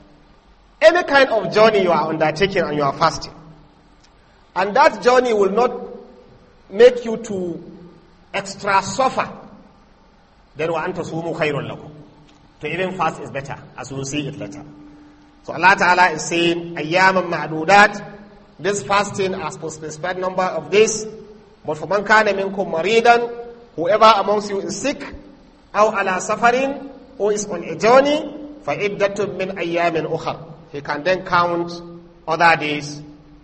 any kind of journey you are undertaking and you are fasting, and that journey will not make you to extra suffer, then wa anta sumu khairun lakum. To even fast is better, as we'll see it later. So Allah Ta'ala is saying, ayyaman ma'dudat, this fasting as for specified number of days, but for man kana minkum maridan, whoever amongst you is sick, aw ala suffering, or is on a journey, mean مِّنْ أَيَّامٍ أُخَرٍ He can then count other days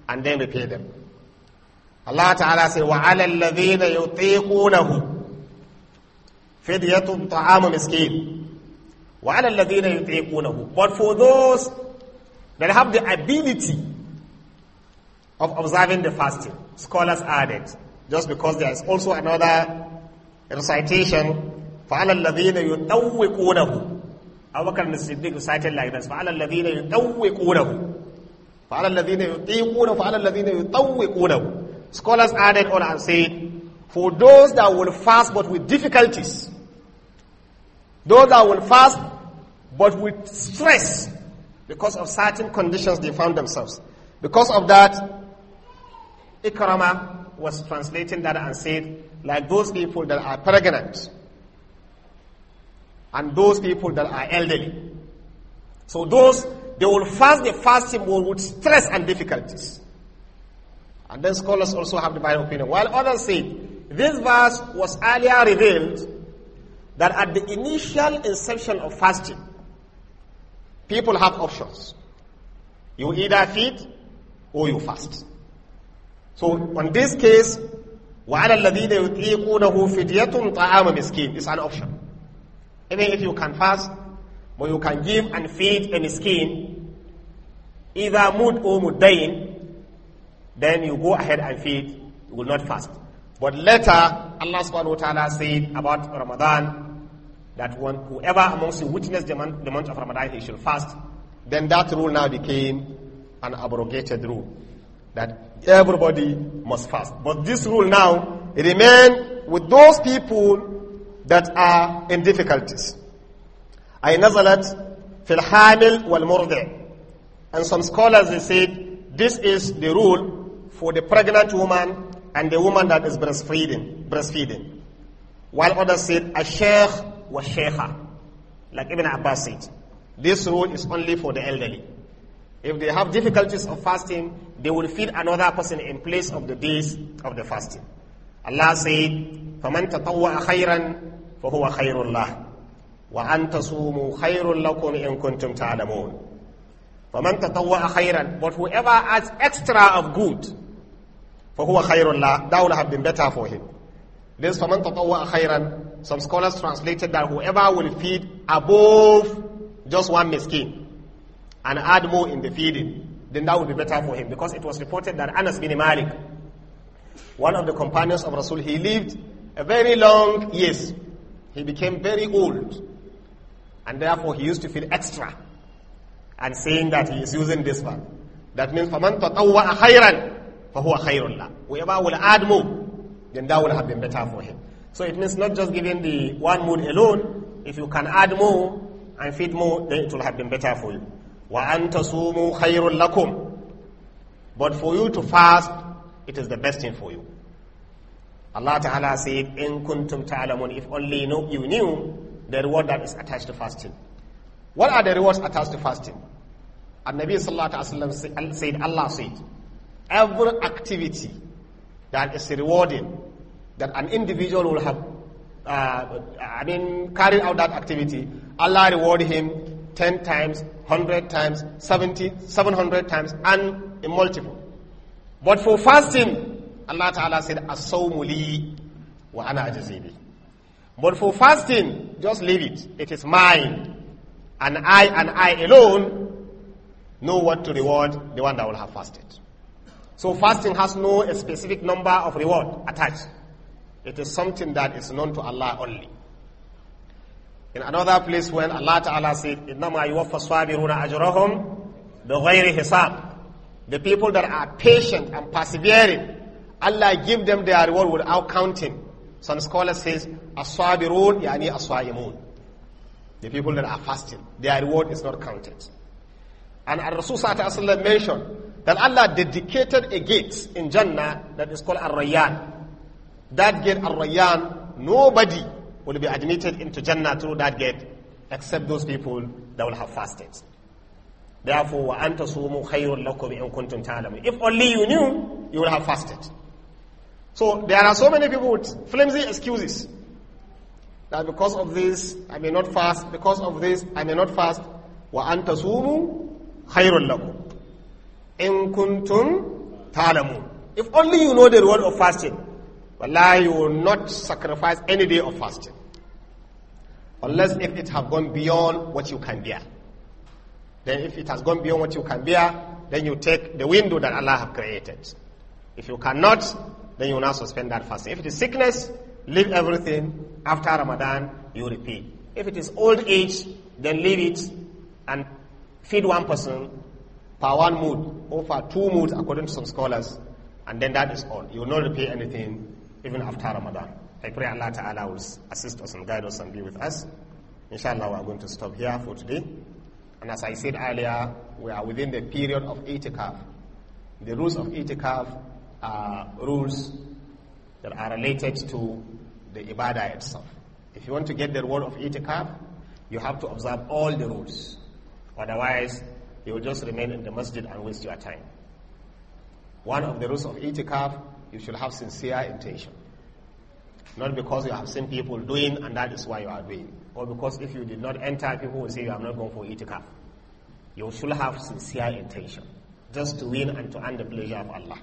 and then repay them. Allah ta'ala said, وَعَلَى الَّذِينَ يُطِيقُونَهُ فِدْيَةٌ طَعَامُ مِسْكِينٌ وَعَلَى الَّذِينَ يُطِيقُونَهُ But for those that have the ability of observing the fasting, scholars added, just because there is also another recitation, فَعَلَى الَّذِينَ يُطَوِّقُونَهُ Abu Bakr al recited like this, فَعَلَى الَّذِينَ يُطَوِّقُونَهُ فَعَلَى الَّذِينَ يُطِيقُونَهُ فَعَلَى الَّذِينَ يُطَوِّقُونَهُ Scholars added on and said, for those that will fast but with difficulties, those that will fast but with stress because of certain conditions they found themselves. Because of that, Ikarama was translating that and said, like those people that are pregnant and those people that are elderly. So those, they will fast the fasting with stress and difficulties. And then scholars also have divided opinion. While others say this verse was earlier revealed that at the initial inception of fasting, people have options. You either feed or you fast. So on this case, وَعَلَى الَّذِينَ يُطِيقُونَهُ فِدْيَةٌ طَعَامَ مِسْكِينٌ It's an option. Even if you can fast, but you can give and feed a miskin, either mud or mudain, then you go ahead and feed, you will not fast. But later, Allah subhanahu wa ta'ala said about Ramadan that whoever amongst you witnessed the month, the month of Ramadan, he shall fast. Then that rule now became an abrogated rule that everybody must fast. But this rule now remains with those people that are in difficulties. أي نزلت في الحامل And some scholars they said this is the rule for the pregnant woman and the woman that is breastfeeding. breastfeeding. While others said, a sheikh wa sheikha. Like Ibn Abbas said, this rule is only for the elderly. If they have difficulties of fasting, they will feed another person in place of the days of the fasting. Allah said, فَمَنْ تَطَوَّعَ خَيْرًا فَهُوَ خَيْرٌ لَهُ وَأَنْ تَصُومُوا خَيْرٌ لَكُمْ إِن كُنْتُمْ تَعْلَمُونَ فَمَنْ تَطَوَّعَ خَيْرًا But whoever adds extra of good, فهو خير لا that would have been better for him this فمن تطوع خيرا some scholars translated that whoever will feed above just one miskin and add more in the feeding then that would be better for him because it was reported that Anas bin Malik one of the companions of Rasul he lived a very long years he became very old and therefore he used to feel extra and saying that he is using this one that means فَمَنْ تَطَوَّعَ خَيْرًا فَهُوَ خَيْرٌ لَهُ Whoever will add more, then that will have been better for him. So it means not just giving the one mood alone. If you can add more and feed more, then it will have been better for you. Wa antasumu خَيْرٌ But for you to fast, it is the best thing for you. Allah Ta'ala said, "In kuntum تَعْلَمُونَ If only you knew, you knew the reward that is attached to fasting. What are the rewards attached to fasting? And Nabi Sallallahu Alaihi Wasallam said, Allah said, every activity that is rewarding, that an individual will have, uh, I mean, carry out that activity, Allah reward him 10 times, 100 times, 70, 700 times, and a multiple. But for fasting, Allah Ta'ala said, Asawmuli wa ana ajazibi. But for fasting, just leave it. It is mine. And I and I alone know what to reward the one that will have fasted. So fasting has no specific number of reward attached. It is something that is known to Allah only. In another place when Allah Ta'ala said, إِنَّمَا يُوَفَّ الصَّابِرُونَ أَجْرَهُمْ بِغَيْرِ حِسَابٍ The people that are patient and persevering, Allah give them their reward without counting. Some scholars says, "Aswabirun yani aswaimun." The people that are fasting, their reward is not counted. And Rasul Sallallahu mentioned that Allah dedicated a gate in Jannah that is called Ar-Rayyan. That gate, Ar-Rayyan, nobody will be admitted into Jannah through that gate except those people that will have fasted. Therefore, وَأَنْتَ صُومُوا خَيْرٌ لَكُمْ إِن كُنْتُمْ تَعْلَمُونَ If only you knew, you would have fasted. So there are so many people with flimsy excuses that because of this I may not fast, because of this I may not fast. Wa تَصُومُوا خَيْرٌ لَكُمْ in kuntum talamun. If only you know the reward of fasting, wallahi, you will not sacrifice any day of fasting. Unless if it have gone beyond what you can bear. Then if it has gone beyond what you can bear, then you take the window that Allah have created. If you cannot, then you will now suspend that fasting. If it is sickness, leave everything. After Ramadan, you repeat. If it is old age, then leave it and feed one person for one mood or for two moods according to some scholars. And then that is all. You will not repay anything even after Ramadan. I pray Allah Ta'ala will assist us and guide us and be with us. Inshallah, we are going to stop here for today. And as I said earlier, we are within the period of itikaf. The rules of itikaf are rules that are related to the ibadah itself. If you want to get the reward of itikaf, you have to observe all the rules. Otherwise, you will just remain in the masjid and waste your time. One of the rules of itikaf, you should have sincere intention. Not because you have seen people doing and that is why you are doing. Or because if you did not enter, people will say you are not going for itikaf. You should have sincere intention. Just to win and to earn the pleasure of Allah.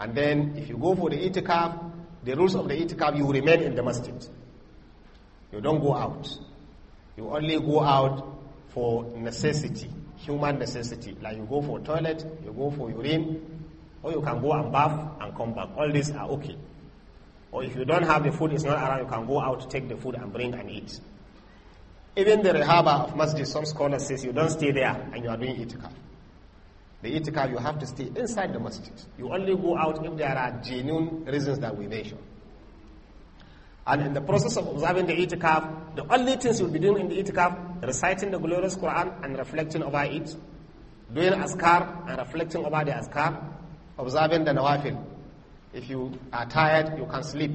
And then if you go for the itikaf, the rules of the itikaf, you remain in the masjid. You don't go out. You only go out for necessity human necessity. Like you go for toilet, you go for urine, or you can go and bath and come back. All these are okay. Or if you don't have the food, it's not around, you can go out, take the food and bring and eat. Even the rehaba of masjid, some scholars says you don't stay there and you are doing itikaf. The itikaf, you have to stay inside the masjid. You only go out if there are genuine reasons that we mentioned. And in the process of observing the itikaf, the only things you'll be doing in the itikaf, reciting the glorious Quran and reflecting over it, doing askar and reflecting over the askar, observing the nawafil. If you are tired, you can sleep.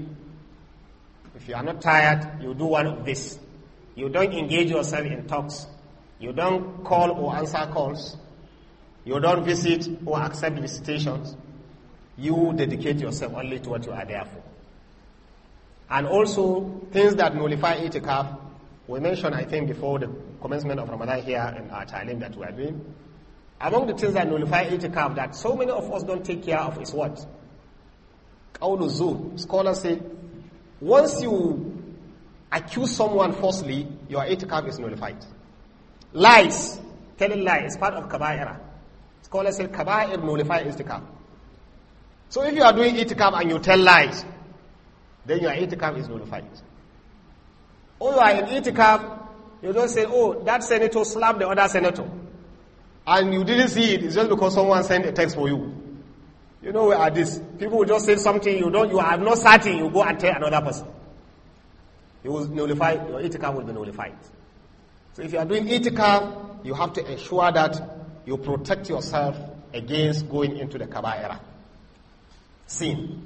If you are not tired, you do one of this. You don't engage yourself in talks. You don't call or answer calls. You don't visit or accept visitations. You dedicate yourself only to what you are there for. And also things that nullify itikaf, we mentioned I think before the commencement of Ramadan here in our talim that we are doing. Among the things that nullify itikaf that so many of us don't take care of is what? Qawlu Scholars say, once you accuse someone falsely, your itikaf is nullified. Lies, telling lies is part of kaba'ira. Scholars say khabaya nullify itikaf. So if you are doing itikaf and you tell lies, then your itikaf is nullified. Or oh, you are in itikaf, you don't say, oh, that senator slapped the other senator. And you didn't see it, it's just because someone sent a text for you. You know where are this? People will just say something, you don't, you have no certain, you go and tell another person. You will nullify, your itikaf will be nullified. So if you are doing itikaf, you have to ensure that you protect yourself against going into the kaba era. Sin.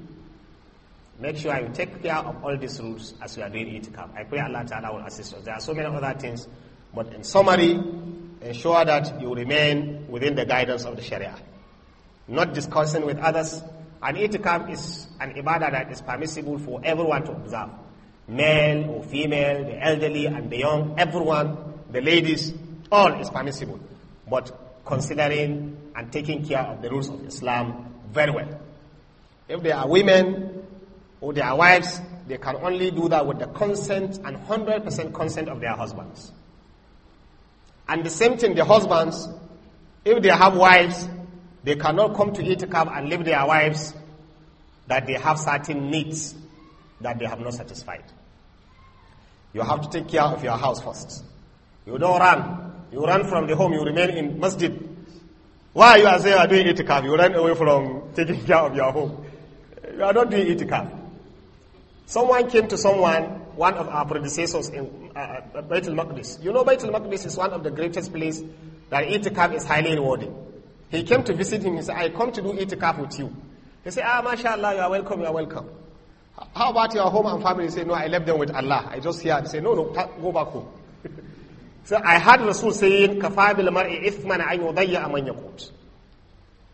Make sure you take care of all these rules as you are doing itikaf. I pray Allah Ta'ala will assist us. There are so many other things, but in summary, ensure that you remain within the guidance of the Sharia. Not discussing with others. An itikaf is an ibadah that is permissible for everyone to observe. Male or female, the elderly and the young, everyone, the ladies, all is permissible. But considering and taking care of the rules of Islam very well. If there are women or their wives, they can only do that with the consent and 100% consent of their husbands. And the same thing, the husbands, if they have wives, they cannot come to itikaf and leave their wives that they have certain needs that they have not satisfied. You have to take care of your house first. You don't run. You run from the home, you remain in masjid. Why you are saying are doing itikaf? You run away from taking care of your home. You are not doing itikaf. Someone came to someone, one of our predecessors in uh, uh Beit al-Maqdis. You know Beit al-Maqdis is one of the greatest places that itikaf is highly rewarding. He came to visit him. He said, I come to do itikaf with you. He said, ah, mashallah, you are welcome, you are welcome. How about your home and family? He said, no, I left them with Allah. I just here. He said, no, no, go back home. so I heard Rasul saying, كَفَى بِالْمَرْءِ إِثْمًا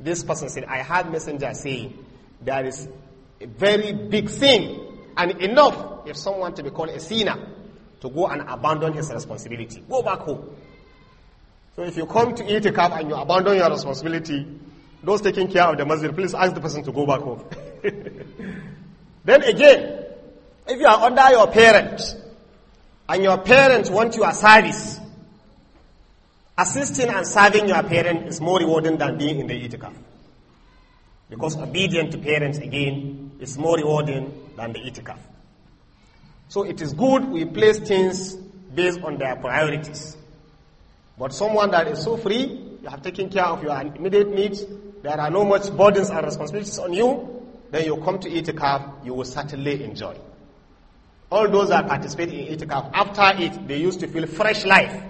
This person said, I heard messenger saying, there is a very big sin and enough if someone to be called a sinner to go and abandon his responsibility. Go back home. So if you come to eat a cup and you abandon your responsibility, those taking care of the masjid, please ask the person to go back home. then again, if you are under your parents and your parents want your service, assisting and serving your parent is more rewarding than being in the itikaf. Because obedience to parents again is more rewarding than the itikaf. So it is good we place things based on their priorities. But someone that is so free, you have taken care of your immediate needs, there are no much burdens and responsibilities on you, then you come to itikaf, you will certainly enjoy. All those that participate in itikaf, after it, they used to feel fresh life.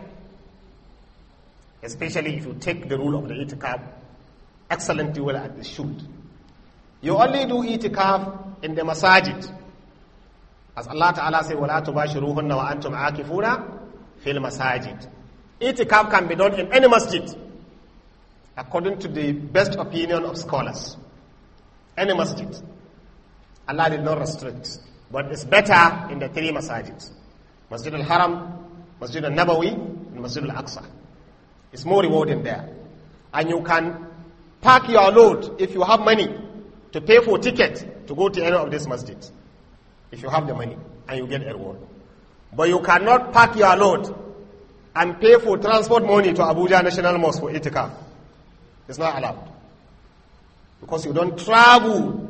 Especially if you take the rule of the itikaf excellently well as they should. You only do itikaf in the masajid. As Allah Ta'ala says, وَلَا تُبَاشِرُوهُنَّ وَأَنْتُمْ عَاكِفُونَ فِي الْمَسَاجِدِ Itikaf can be done in any masjid, according to the best opinion of scholars. Any masjid. Allah did not restrict, but it's better in the three masajids. Masjid al-Haram, Masjid al-Nabawi, and Masjid al-Aqsa. It's more rewarding there. And you can pack your load if you have money to pay for ticket to go to any of these masjids if you have the money and you get a reward. But you cannot pack your load and pay for transport money to Abuja National Mosque for itikaf. It's not allowed. Because you don't travel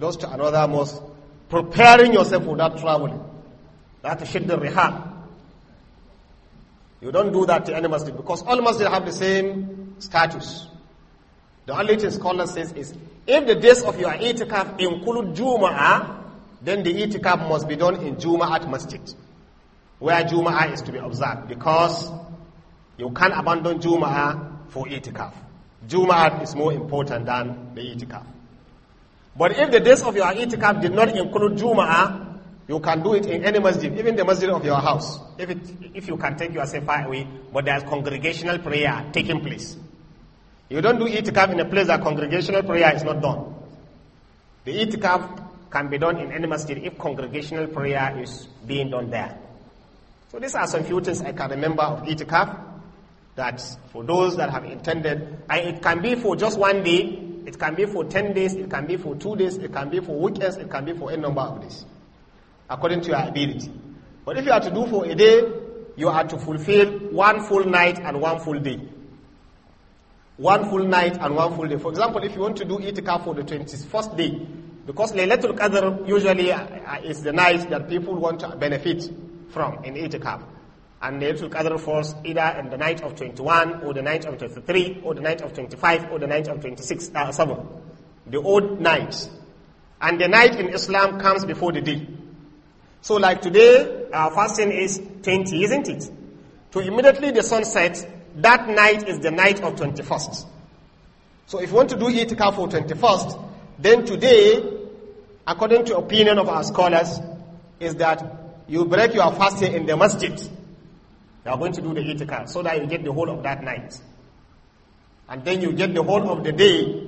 just to another mosque, preparing yourself for that traveling. That is the rihab. You don't do that to any masjid because all masjid have the same status. The only scholar says is, if the days of your itikaf include Jum'ah, then the itikaf must be done in Jum'ah at masjid, where Jum'ah is to be observed, because you can't abandon Jum'ah for itikaf. Jum'ah is more important than the itikaf. But if the days of your itikaf did not include Jum'ah, you can do it in any masjid, even the masjid of your house, if, it, if you can take yourself far away, but there's congregational prayer taking place. You don't do itikaf in a place that congregational prayer is not done. The itikaf can be done in any masjid if congregational prayer is being done there. So these are some few things I can remember of itikaf that for those that have intended, and it can be for just one day, it can be for 10 days, it can be for two days, it can be for weekends, it can be for a number of days, according to your ability. But if you are to do for a day, you are to fulfill one full night and one full day one full night and one full day. For example, if you want to do itikaf for the 21st day, because Laylatul Qadr usually uh, is the night that people want to benefit from in itikaf. And Laylatul Qadr falls either in the night of 21 or the night of 23 or the night of 25 or the night of 26, uh, 7. The old nights. And the night in Islam comes before the day. So like today, our fasting is 20, isn't it? So immediately the sun sets, that night is the night of 21st. So if you want to do itikaf for 21st, then today, according to opinion of our scholars, is that you break your fast here in the masjid. You are going to do the itikaf so that you get the whole of that night. And then you get the whole of the day.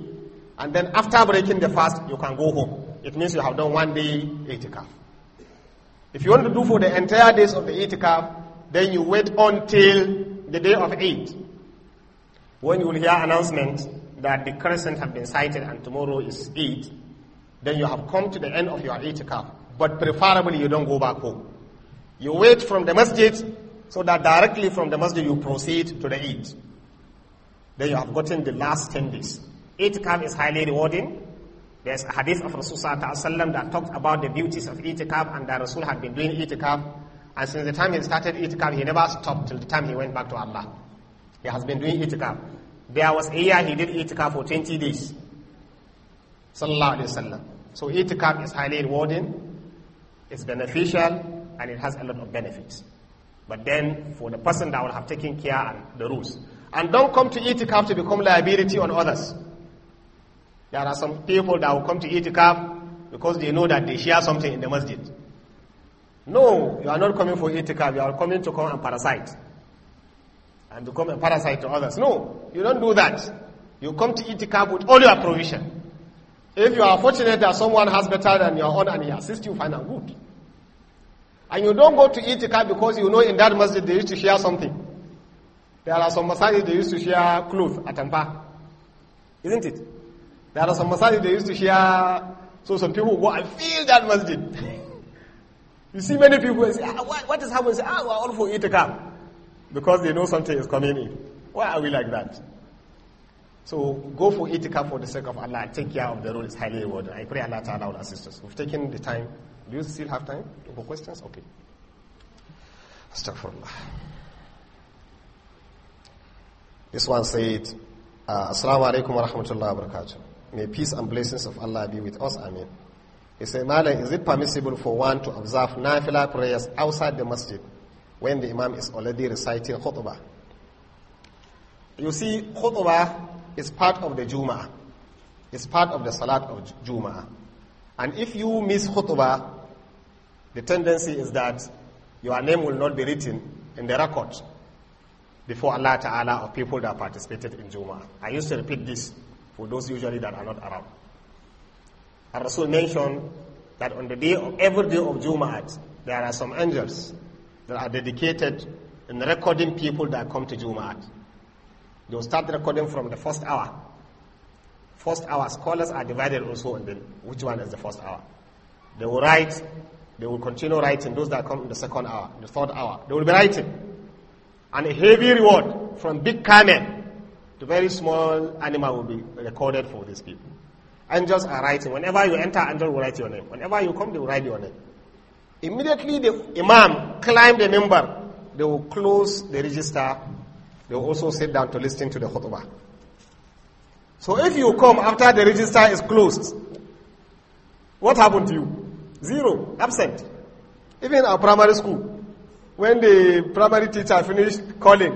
And then after breaking the fast, you can go home. It means you have done one day itikaf. If you want to do for the entire days of the itikaf, then you wait until the day of Eid, when you will hear announcement that the crescent have been sighted and tomorrow is Eid, then you have come to the end of your itikaf. But preferably you don't go back home. You wait from the masjid so that directly from the masjid you proceed to the Eid. Then you have gotten the last 10 days. Itikaf is highly rewarding. There's a hadith of Rasulullah that talked about the beauties of itikaf and that Rasul had been doing itikaf and since the time he started itikaf, he never stopped till the time he went back to Allah. He has been doing itikaf. There was a year he did itikaf for 20 days. Sallallahu Alaihi Wasallam. So itikaf is highly rewarding, it's beneficial, and it has a lot of benefits. But then for the person that will have taken care of the rules. And don't come to itikaf to become liability on others. There are some people that will come to itikaf because they know that they share something in the masjid. No, you are not coming for itikaf. You are coming to come and parasite. And become a parasite to others. No, you don't do that. You come to itikaf with all your provision. If you are fortunate that someone has better than your own and he assists you, find a good. And you don't go to itikaf because you know in that masjid they used to share something. There are some masajid they used to share clothes at Isn't it? There are some masajid they used to share. So some people go and feel that masjid. You see many people and say, ah, what is happening? Say, ah, we're all for itikaf. Because they know something is coming in. Why are we like that? So go for itikaf for the sake of Allah. Take care of the role. It's highly rewarded. I pray Allah Ta'ala will assist us. We've taken the time. Do you still have time for questions? Okay. Astaghfirullah. This one said, uh, Assalamu alaikum wa rahmatullahi wa barakatuh. May peace and blessings of Allah be with us. Amen. He said, Malam, is it permissible for one to observe nafila prayers outside the masjid when the imam is already reciting khutbah? You see, khutbah is part of the Jum'ah. It's part of the salat of Jum'ah. And if you miss khutbah, the tendency is that your name will not be written in the record before Allah Ta'ala of people that participated in Jum'ah. I used to repeat this for those usually that are not around. And Rasul mentioned that on the day of, every day of Jumu'at, there are some angels that are dedicated in recording people that come to Jumu'at. They'll start recording from the first hour. First hour scholars are divided also in the, which one is the first hour. They will write, they will continue writing those that come in the second hour, the third hour. They will be writing. And a heavy reward from big camel to very small animal will be recorded for these people angels are writing. Whenever you enter, angel will write your name. Whenever you come, they will write your name. Immediately the imam climb the member, they will close the register. They will also sit down to listen to the khutbah. So if you come after the register is closed, what happened to you? Zero, absent. Even our primary school, when the primary teacher finished calling,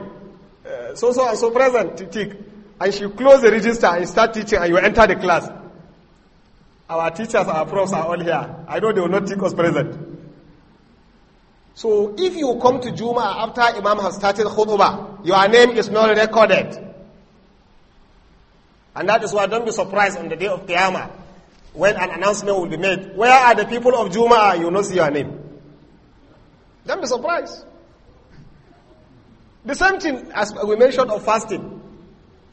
uh, so so and so present, tick, and she closed the register and start teaching, and you enter the class. Our teachers, our profs are all here. I know they will not take us present. So if you come to Juma after Imam has started khutbah, your name is not recorded. And that is why don't be surprised on the day of Qiyamah when an announcement will be made. Where are the people of Juma? You will not see your name. Don't be surprised. The same thing as we mentioned of fasting.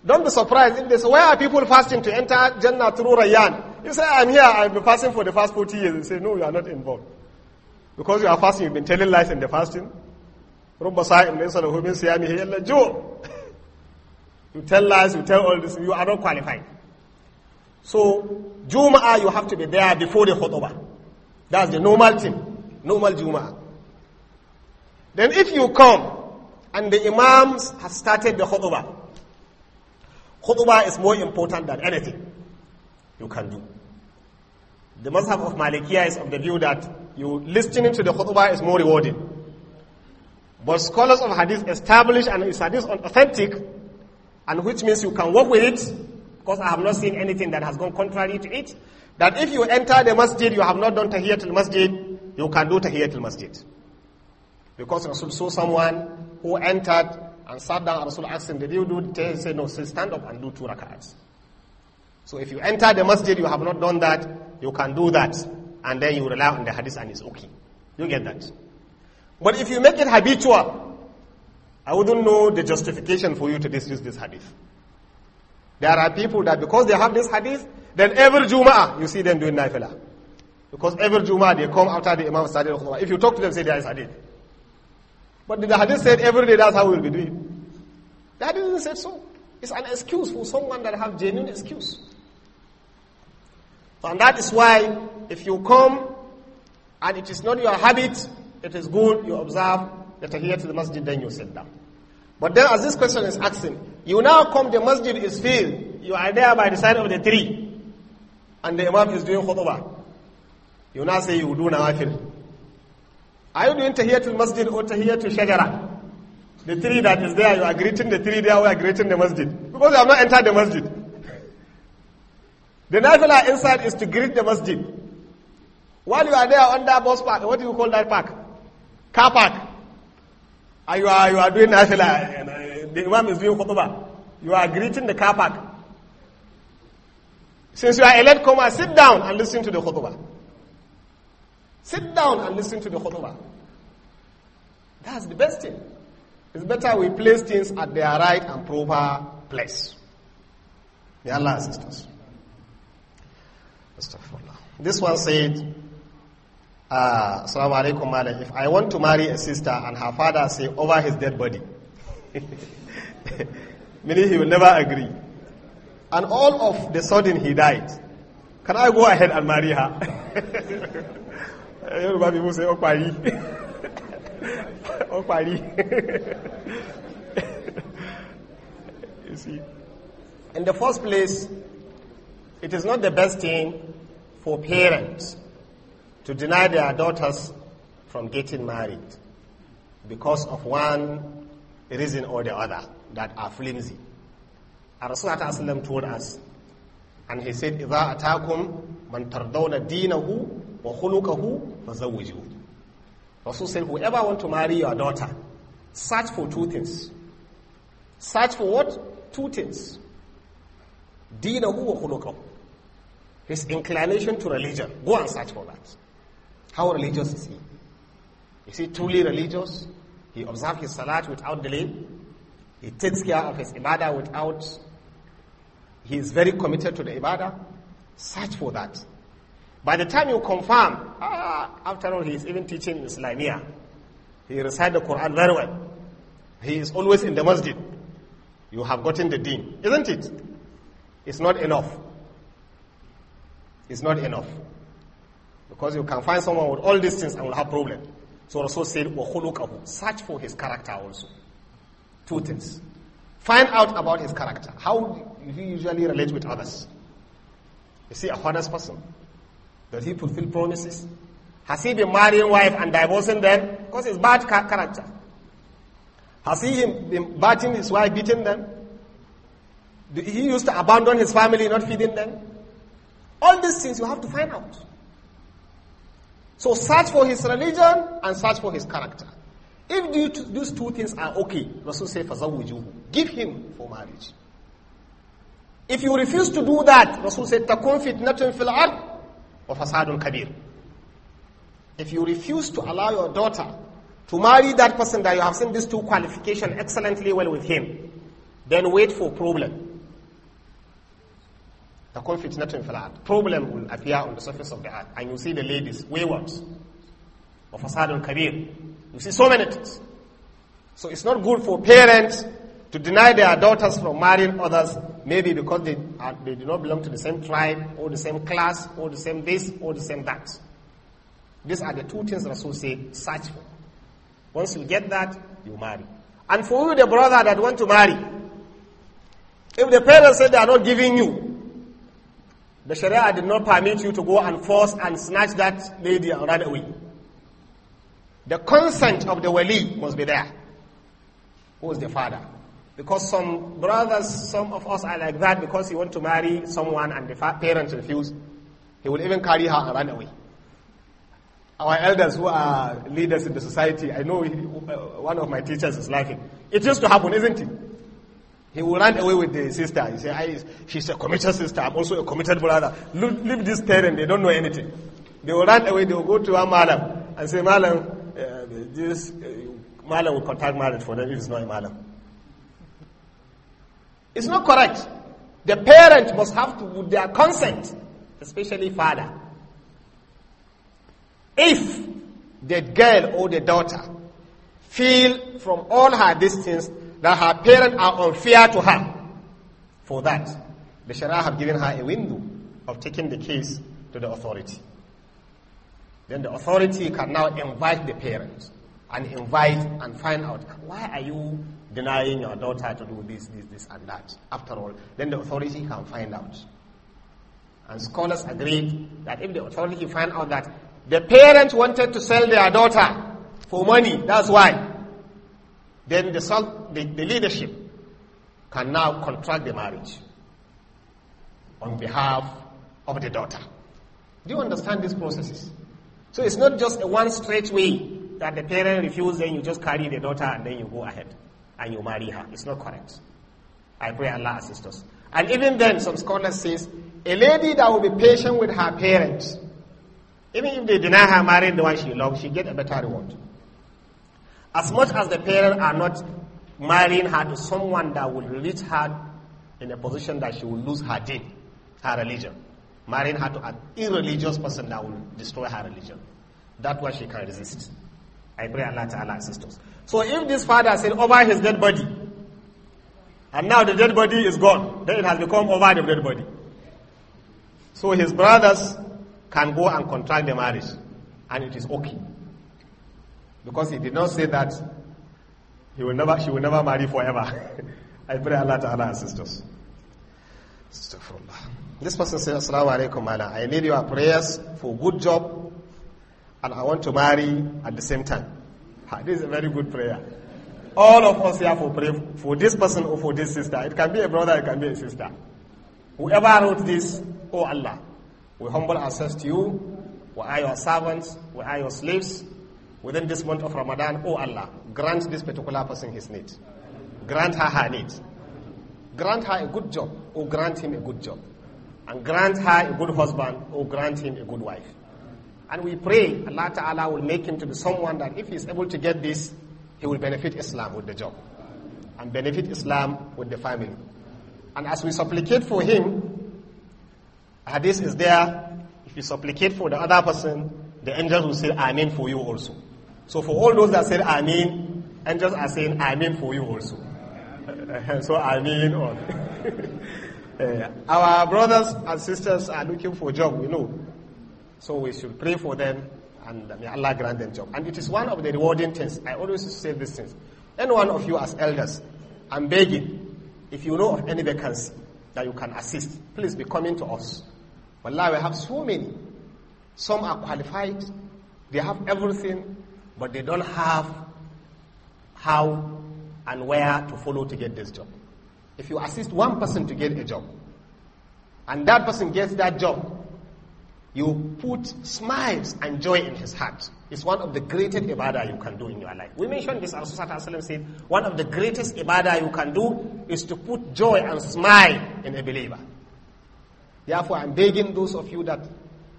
Don't be surprised if they say, where are people fasting to enter Jannah through Rayyan? You say, I'm here, I've been fasting for the past 40 years. You say, no, you are not involved. Because you are fasting, you've been telling lies in the fasting. You tell lies, you tell all this, you are not qualified. So, Jum'ah, you have to be there before the khutbah. That's the normal thing. Normal Jum'ah. Then if you come, and the imams have started the khutbah, khutbah is more important than anything you can do. The mazhab of Malikiya is of the view that you listening to the khutbah is more rewarding. But scholars of hadith establish and is hadith authentic, and which means you can work with it, because I have not seen anything that has gone contrary to it, that if you enter the masjid, you have not done tahiyatul masjid, you can do tahiyatul masjid. Because Rasul saw someone who entered and sat down, and Rasul asked him, did you do, he said, no, say stand up and do two rak'ats. So if you enter the masjid, you have not done that, you can do that. And then you rely on the hadith and it's okay. You get that. But if you make it habitual, I wouldn't know the justification for you to disuse this hadith. There are people that because they have this hadith, then every Jum'ah you see them doing nafilah. Because every Jum'ah they come after the Imam started khutbah. If you talk to them, say there is hadith. But the hadith said every day that's how we'll be doing. That didn't say so. It's an excuse for someone that have genuine excuse and that is why if you come and it is not your habit, it is good you observe that here to the masjid, then you sit down. But then, as this question is asking, you now come, the masjid is filled, you are there by the side of the tree, and the imam is doing khutbah. You now say you do nawafil. Are you doing to masjid or to shajara? The tree that is there, you are greeting the tree there, we are greeting the masjid. Because you have not entered the masjid. The nafila inside is to greet the masjid. While you are there on that bus park, what do you call that park? Car park. And ah, you are, you are doing nafila, the imam is doing khutbah. You are greeting the car park. Since you are a late comer, sit down and listen to the khutbah. Sit down and listen to the khutbah. That's the best thing. It's better we place things at their right and proper place. May Allah assist us. Astaghfirullah. This one said, uh, Assalamu alaikum, If I want to marry a sister and her father say over his dead body, meaning he will never agree. And all of the sudden he died. Can I go ahead and marry her? Yoruba people say, Okpari. Okpari. you see. In the first place, it is not the best thing for parents to deny their daughters from getting married because of one reason or the other that are flimsy. Rasulullah told us, and he said, إِذَا أَتَاكُمْ مَنْ تَرْضَوْنَ دِينَهُ وَخُلُقَهُ فَزَوِّجُهُ Rasul said, whoever want to marry your daughter, search for two things. Search for what? Two things. دِينَهُ وَخُلُقَهُ his inclination to religion. Go and search for that. How religious is he? Is he truly religious? He observes his salat without delay. He takes care of his ibadah without. He is very committed to the ibadah. Search for that. By the time you confirm, ah, after all, he is even teaching Islamia. He recites the Quran very well. He is always in the masjid. You have gotten the deen, isn't it? It's not enough is not enough. Because you can find someone with all these things and will have problem. So Rasul said, وَخُلُقَهُ Search for his character also. Two things. Find out about his character. How he usually relate with others. Is he a honest person? Does he fulfill promises? Has he been marrying wife and divorcing them? Because it's bad character. Has he been beating his wife, beating them? he used to abandon his family, not feeding them? All these things you have to find out. So search for his religion and search for his character. If these two things are okay, Rasul said فَزَوُّجُوهُ Give him for marriage. If you refuse to do that, Rasul said, تَكُنْ فِتْنَةٌ فِي الْأَرْضِ وَفَسَادٌ كَبِيرٌ If you refuse to allow your daughter to marry that person that you have seen these two qualifications excellently well with him, then wait for problem. تكون not في الأرض problem will appear on the surface of the earth and you see the ladies wayward وفساد Kabir. you see so many things so it's not good for parents to deny their daughters from marrying others maybe because they, are, they do not belong to the same tribe or the same class or the same this or the same that these are the two things Rasul say search for once you get that you marry and for you the brother that want to marry if the parents say they are not giving you the Sharia did not permit you to go and force and snatch that lady and run away. The consent of the wali must be there. Who is the father? Because some brothers, some of us are like that because he want to marry someone and the parents refuse. He will even carry her and run away. Our elders who are leaders in the society, I know he, uh, one of my teachers is laughing. It used to happen, isn't it? He will run away with the sister. He say, I, she's a committed sister. I'm also a committed brother. Leave, this parent. They don't know anything. They will run away. They will go to our malam and say, madam, uh, this uh, will contact marriage for them if it's not a malam. It's not correct. The parent must have to, with their consent, especially father. If the girl or the daughter feel from all her distance that her parents are unfair to her. For that, the Sharia have given her a window of taking the case to the authority. Then the authority can now invite the parents and invite and find out why are you denying your daughter to do this, this, this, and that. After all, then the authority can find out. And scholars agreed that if the authority find out that the parents wanted to sell their daughter for money, that's why then the, the, the leadership can now contract the marriage on behalf of the daughter. Do you understand these processes? So it's not just a one straight way that the parent refuses, then you just carry the daughter and then you go ahead and you marry her. It's not correct. I pray Allah assist us. And even then, some scholars says a lady that will be patient with her parents, even if they deny her marrying the one she loves, she get a better reward. As much as the parents are not marrying her to someone that will reach her in a position that she will lose her deen, her religion. Marrying her to an irreligious person that will destroy her religion. That's why she can resist. I pray Allah to Allah sisters. So if this father said over his dead body, and now the dead body is gone, then it has become over the dead body. So his brothers can go and contract the marriage, and it is okay. Because he did not say that he will never, she will never marry forever. I pray Allah sisters. Sister from Allah. This person says, Assalamu alaikum, I need your prayers for good job and I want to marry at the same time. This is a very good prayer. All of us here for pray for this person or for this sister. It can be a brother, it can be a sister. Whoever wrote this, O oh Allah, we humble ourselves to you. We are your servants, we are your slaves within this month of Ramadan, oh Allah, grant this particular person his need. Grant her her need. Grant her a good job or oh grant him a good job. And grant her a good husband or oh grant him a good wife. And we pray Allah Ta'ala will make him to be someone that if he is able to get this, he will benefit Islam with the job and benefit Islam with the family. And as we supplicate for him, hadith is there. If you supplicate for the other person, the angels will say Amen for you also. So for all those that said I mean, just are saying mean for you also. so I on. uh, our brothers and sisters are looking for job, we know. So we should pray for them and may Allah grant them job. And it is one of the rewarding things. I always say these things. Any one of you as elders, I'm begging, if you know of any vacancy that you can assist, please be coming to us. Wallah, we have so many. Some are qualified, they have everything, but they don't have how and where to follow to get this job. If you assist one person to get a job, and that person gets that job, you put smiles and joy in his heart. It's one of the greatest ibadah you can do in your life. We mentioned this, Rasulullah said, one of the greatest ibadah you can do is to put joy and smile in a believer. Therefore, I'm begging those of you that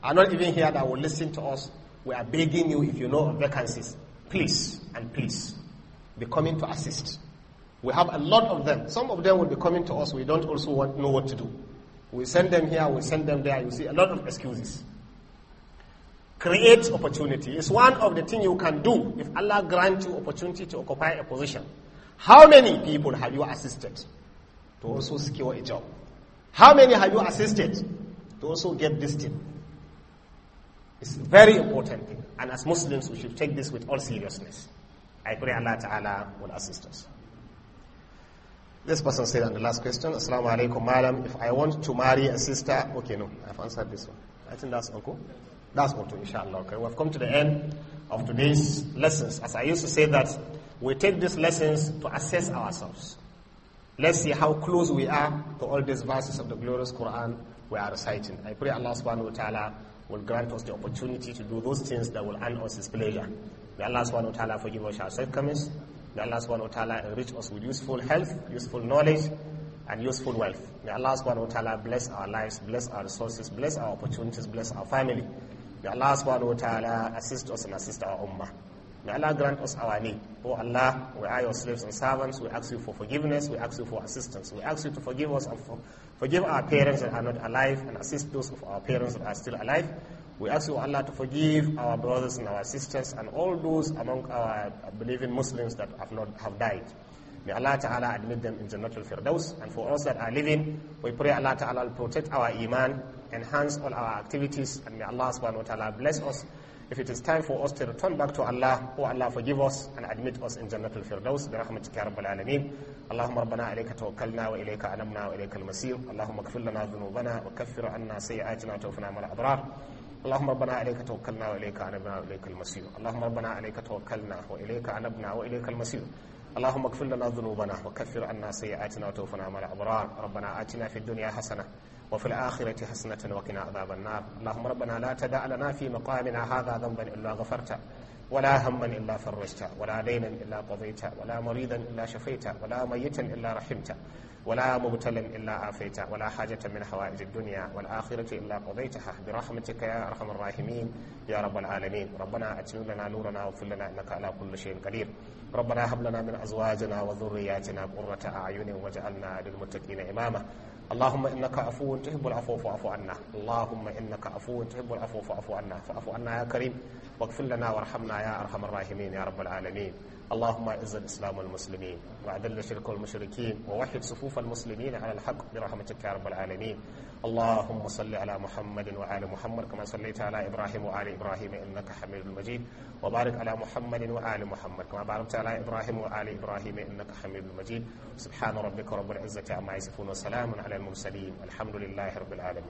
are not even here that will listen to us we are begging you if you know of vacancies, please and please be coming to assist. We have a lot of them. Some of them will be coming to us. We don't also want, know what to do. We send them here, we send them there. You see a lot of excuses. Create opportunity. It's one of the things you can do if Allah grants you opportunity to occupy a position. How many people have you assisted to also secure a job? How many have you assisted to also get this thing? It's very important thing. And as Muslims, we should take this with all seriousness. I pray Allah Ta'ala will assist us. This person said on the last question, Assalamu alaikum, madam. If I want to marry a sister, okay, no, I've answered this one. I think that's uncle. That's all too, inshallah. Okay, we've come to the end of today's lessons. As I used to say that we take these lessons to assess ourselves. Let's see how close we are to all these verses of the glorious Quran we are reciting. I pray Allah subhanahu wa ta'ala will grant us the opportunity to do those things that will earn us His pleasure. May Allah subhanahu wa ta'ala forgive us our shortcomings. May Allah subhanahu wa ta'ala enrich us with useful health, useful knowledge, and useful wealth. May Allah subhanahu wa ta'ala bless our lives, bless our resources, bless our opportunities, bless our family. May Allah subhanahu wa ta'ala assist us and assist our ummah. May Allah grant us our need. O oh Allah, we are your slaves and servants. We ask you for forgiveness. We ask you for assistance. We ask you to forgive us and for, forgive our parents that are not alive and assist those of our parents that are still alive. We ask you, Allah, to forgive our brothers and our sisters and all those among our believing Muslims that have not have died. May Allah Ta'ala admit them in Jannatul Firdaus. And for us that are living, we pray Allah Ta'ala protect our iman, enhance all our activities, and may Allah Subhanahu Wa Ta'ala bless us if it is time for us to return back to Allah, O oh Allah, forgive us and admit us in Jannat al-Firdaus. Birahmatika Rabbal alamin. Allahumma Rabbana alayka tawakkalna wa ilayka anamna wa ilayka masir Allahumma kfir lana dhunubana wa kaffir anna wa tawfina mal abrar. anabna wa عليك توكلنا allahumma أنبنا وإليك المصير wa ربنا عليك توكلنا وإليك أنبنا وإليك المصير اللهم اغفر لنا ذنوبنا وكفر عنا سيئاتنا وتوفنا وفي الآخرة حسنة وقنا عذاب النار اللهم ربنا لا تدع لنا في مقامنا هذا ذنبا إلا غفرته ولا هما إلا فرجته ولا دينا إلا قضيته ولا مريضا إلا شفيته ولا ميتا إلا رحمته ولا مبتلا إلا عافيته ولا حاجة من حوائج الدنيا والآخرة إلا قضيتها برحمتك يا أرحم الراحمين يا رب العالمين ربنا أتم لنا نورنا واغفر لنا إنك على كل شيء قدير ربنا هب لنا من أزواجنا وذرياتنا قرة أعين واجعلنا للمتقين إماما اللهم إنك عفو تحب العفو فاعف عنا اللهم إنك عفو تحب العفو فاعف عنا فاعف عنا يا كريم واغفر لنا وارحمنا يا أرحم الراحمين يا رب العالمين اللهم اعز الإسلام والمسلمين وأذل الشرك والمشركين ووحد صفوف المسلمين على الحق برحمتك يا رب العالمين اللهم صل على محمد وعلى محمد كما صليت على إبراهيم وعلى إبراهيم إنك حميد مجيد وبارك على محمد وعلى محمد كما باركت على إبراهيم وعلى إبراهيم إنك حميد مجيد سبحان ربك رب العزة عما يصفون وسلام على المرسلين الحمد لله رب العالمين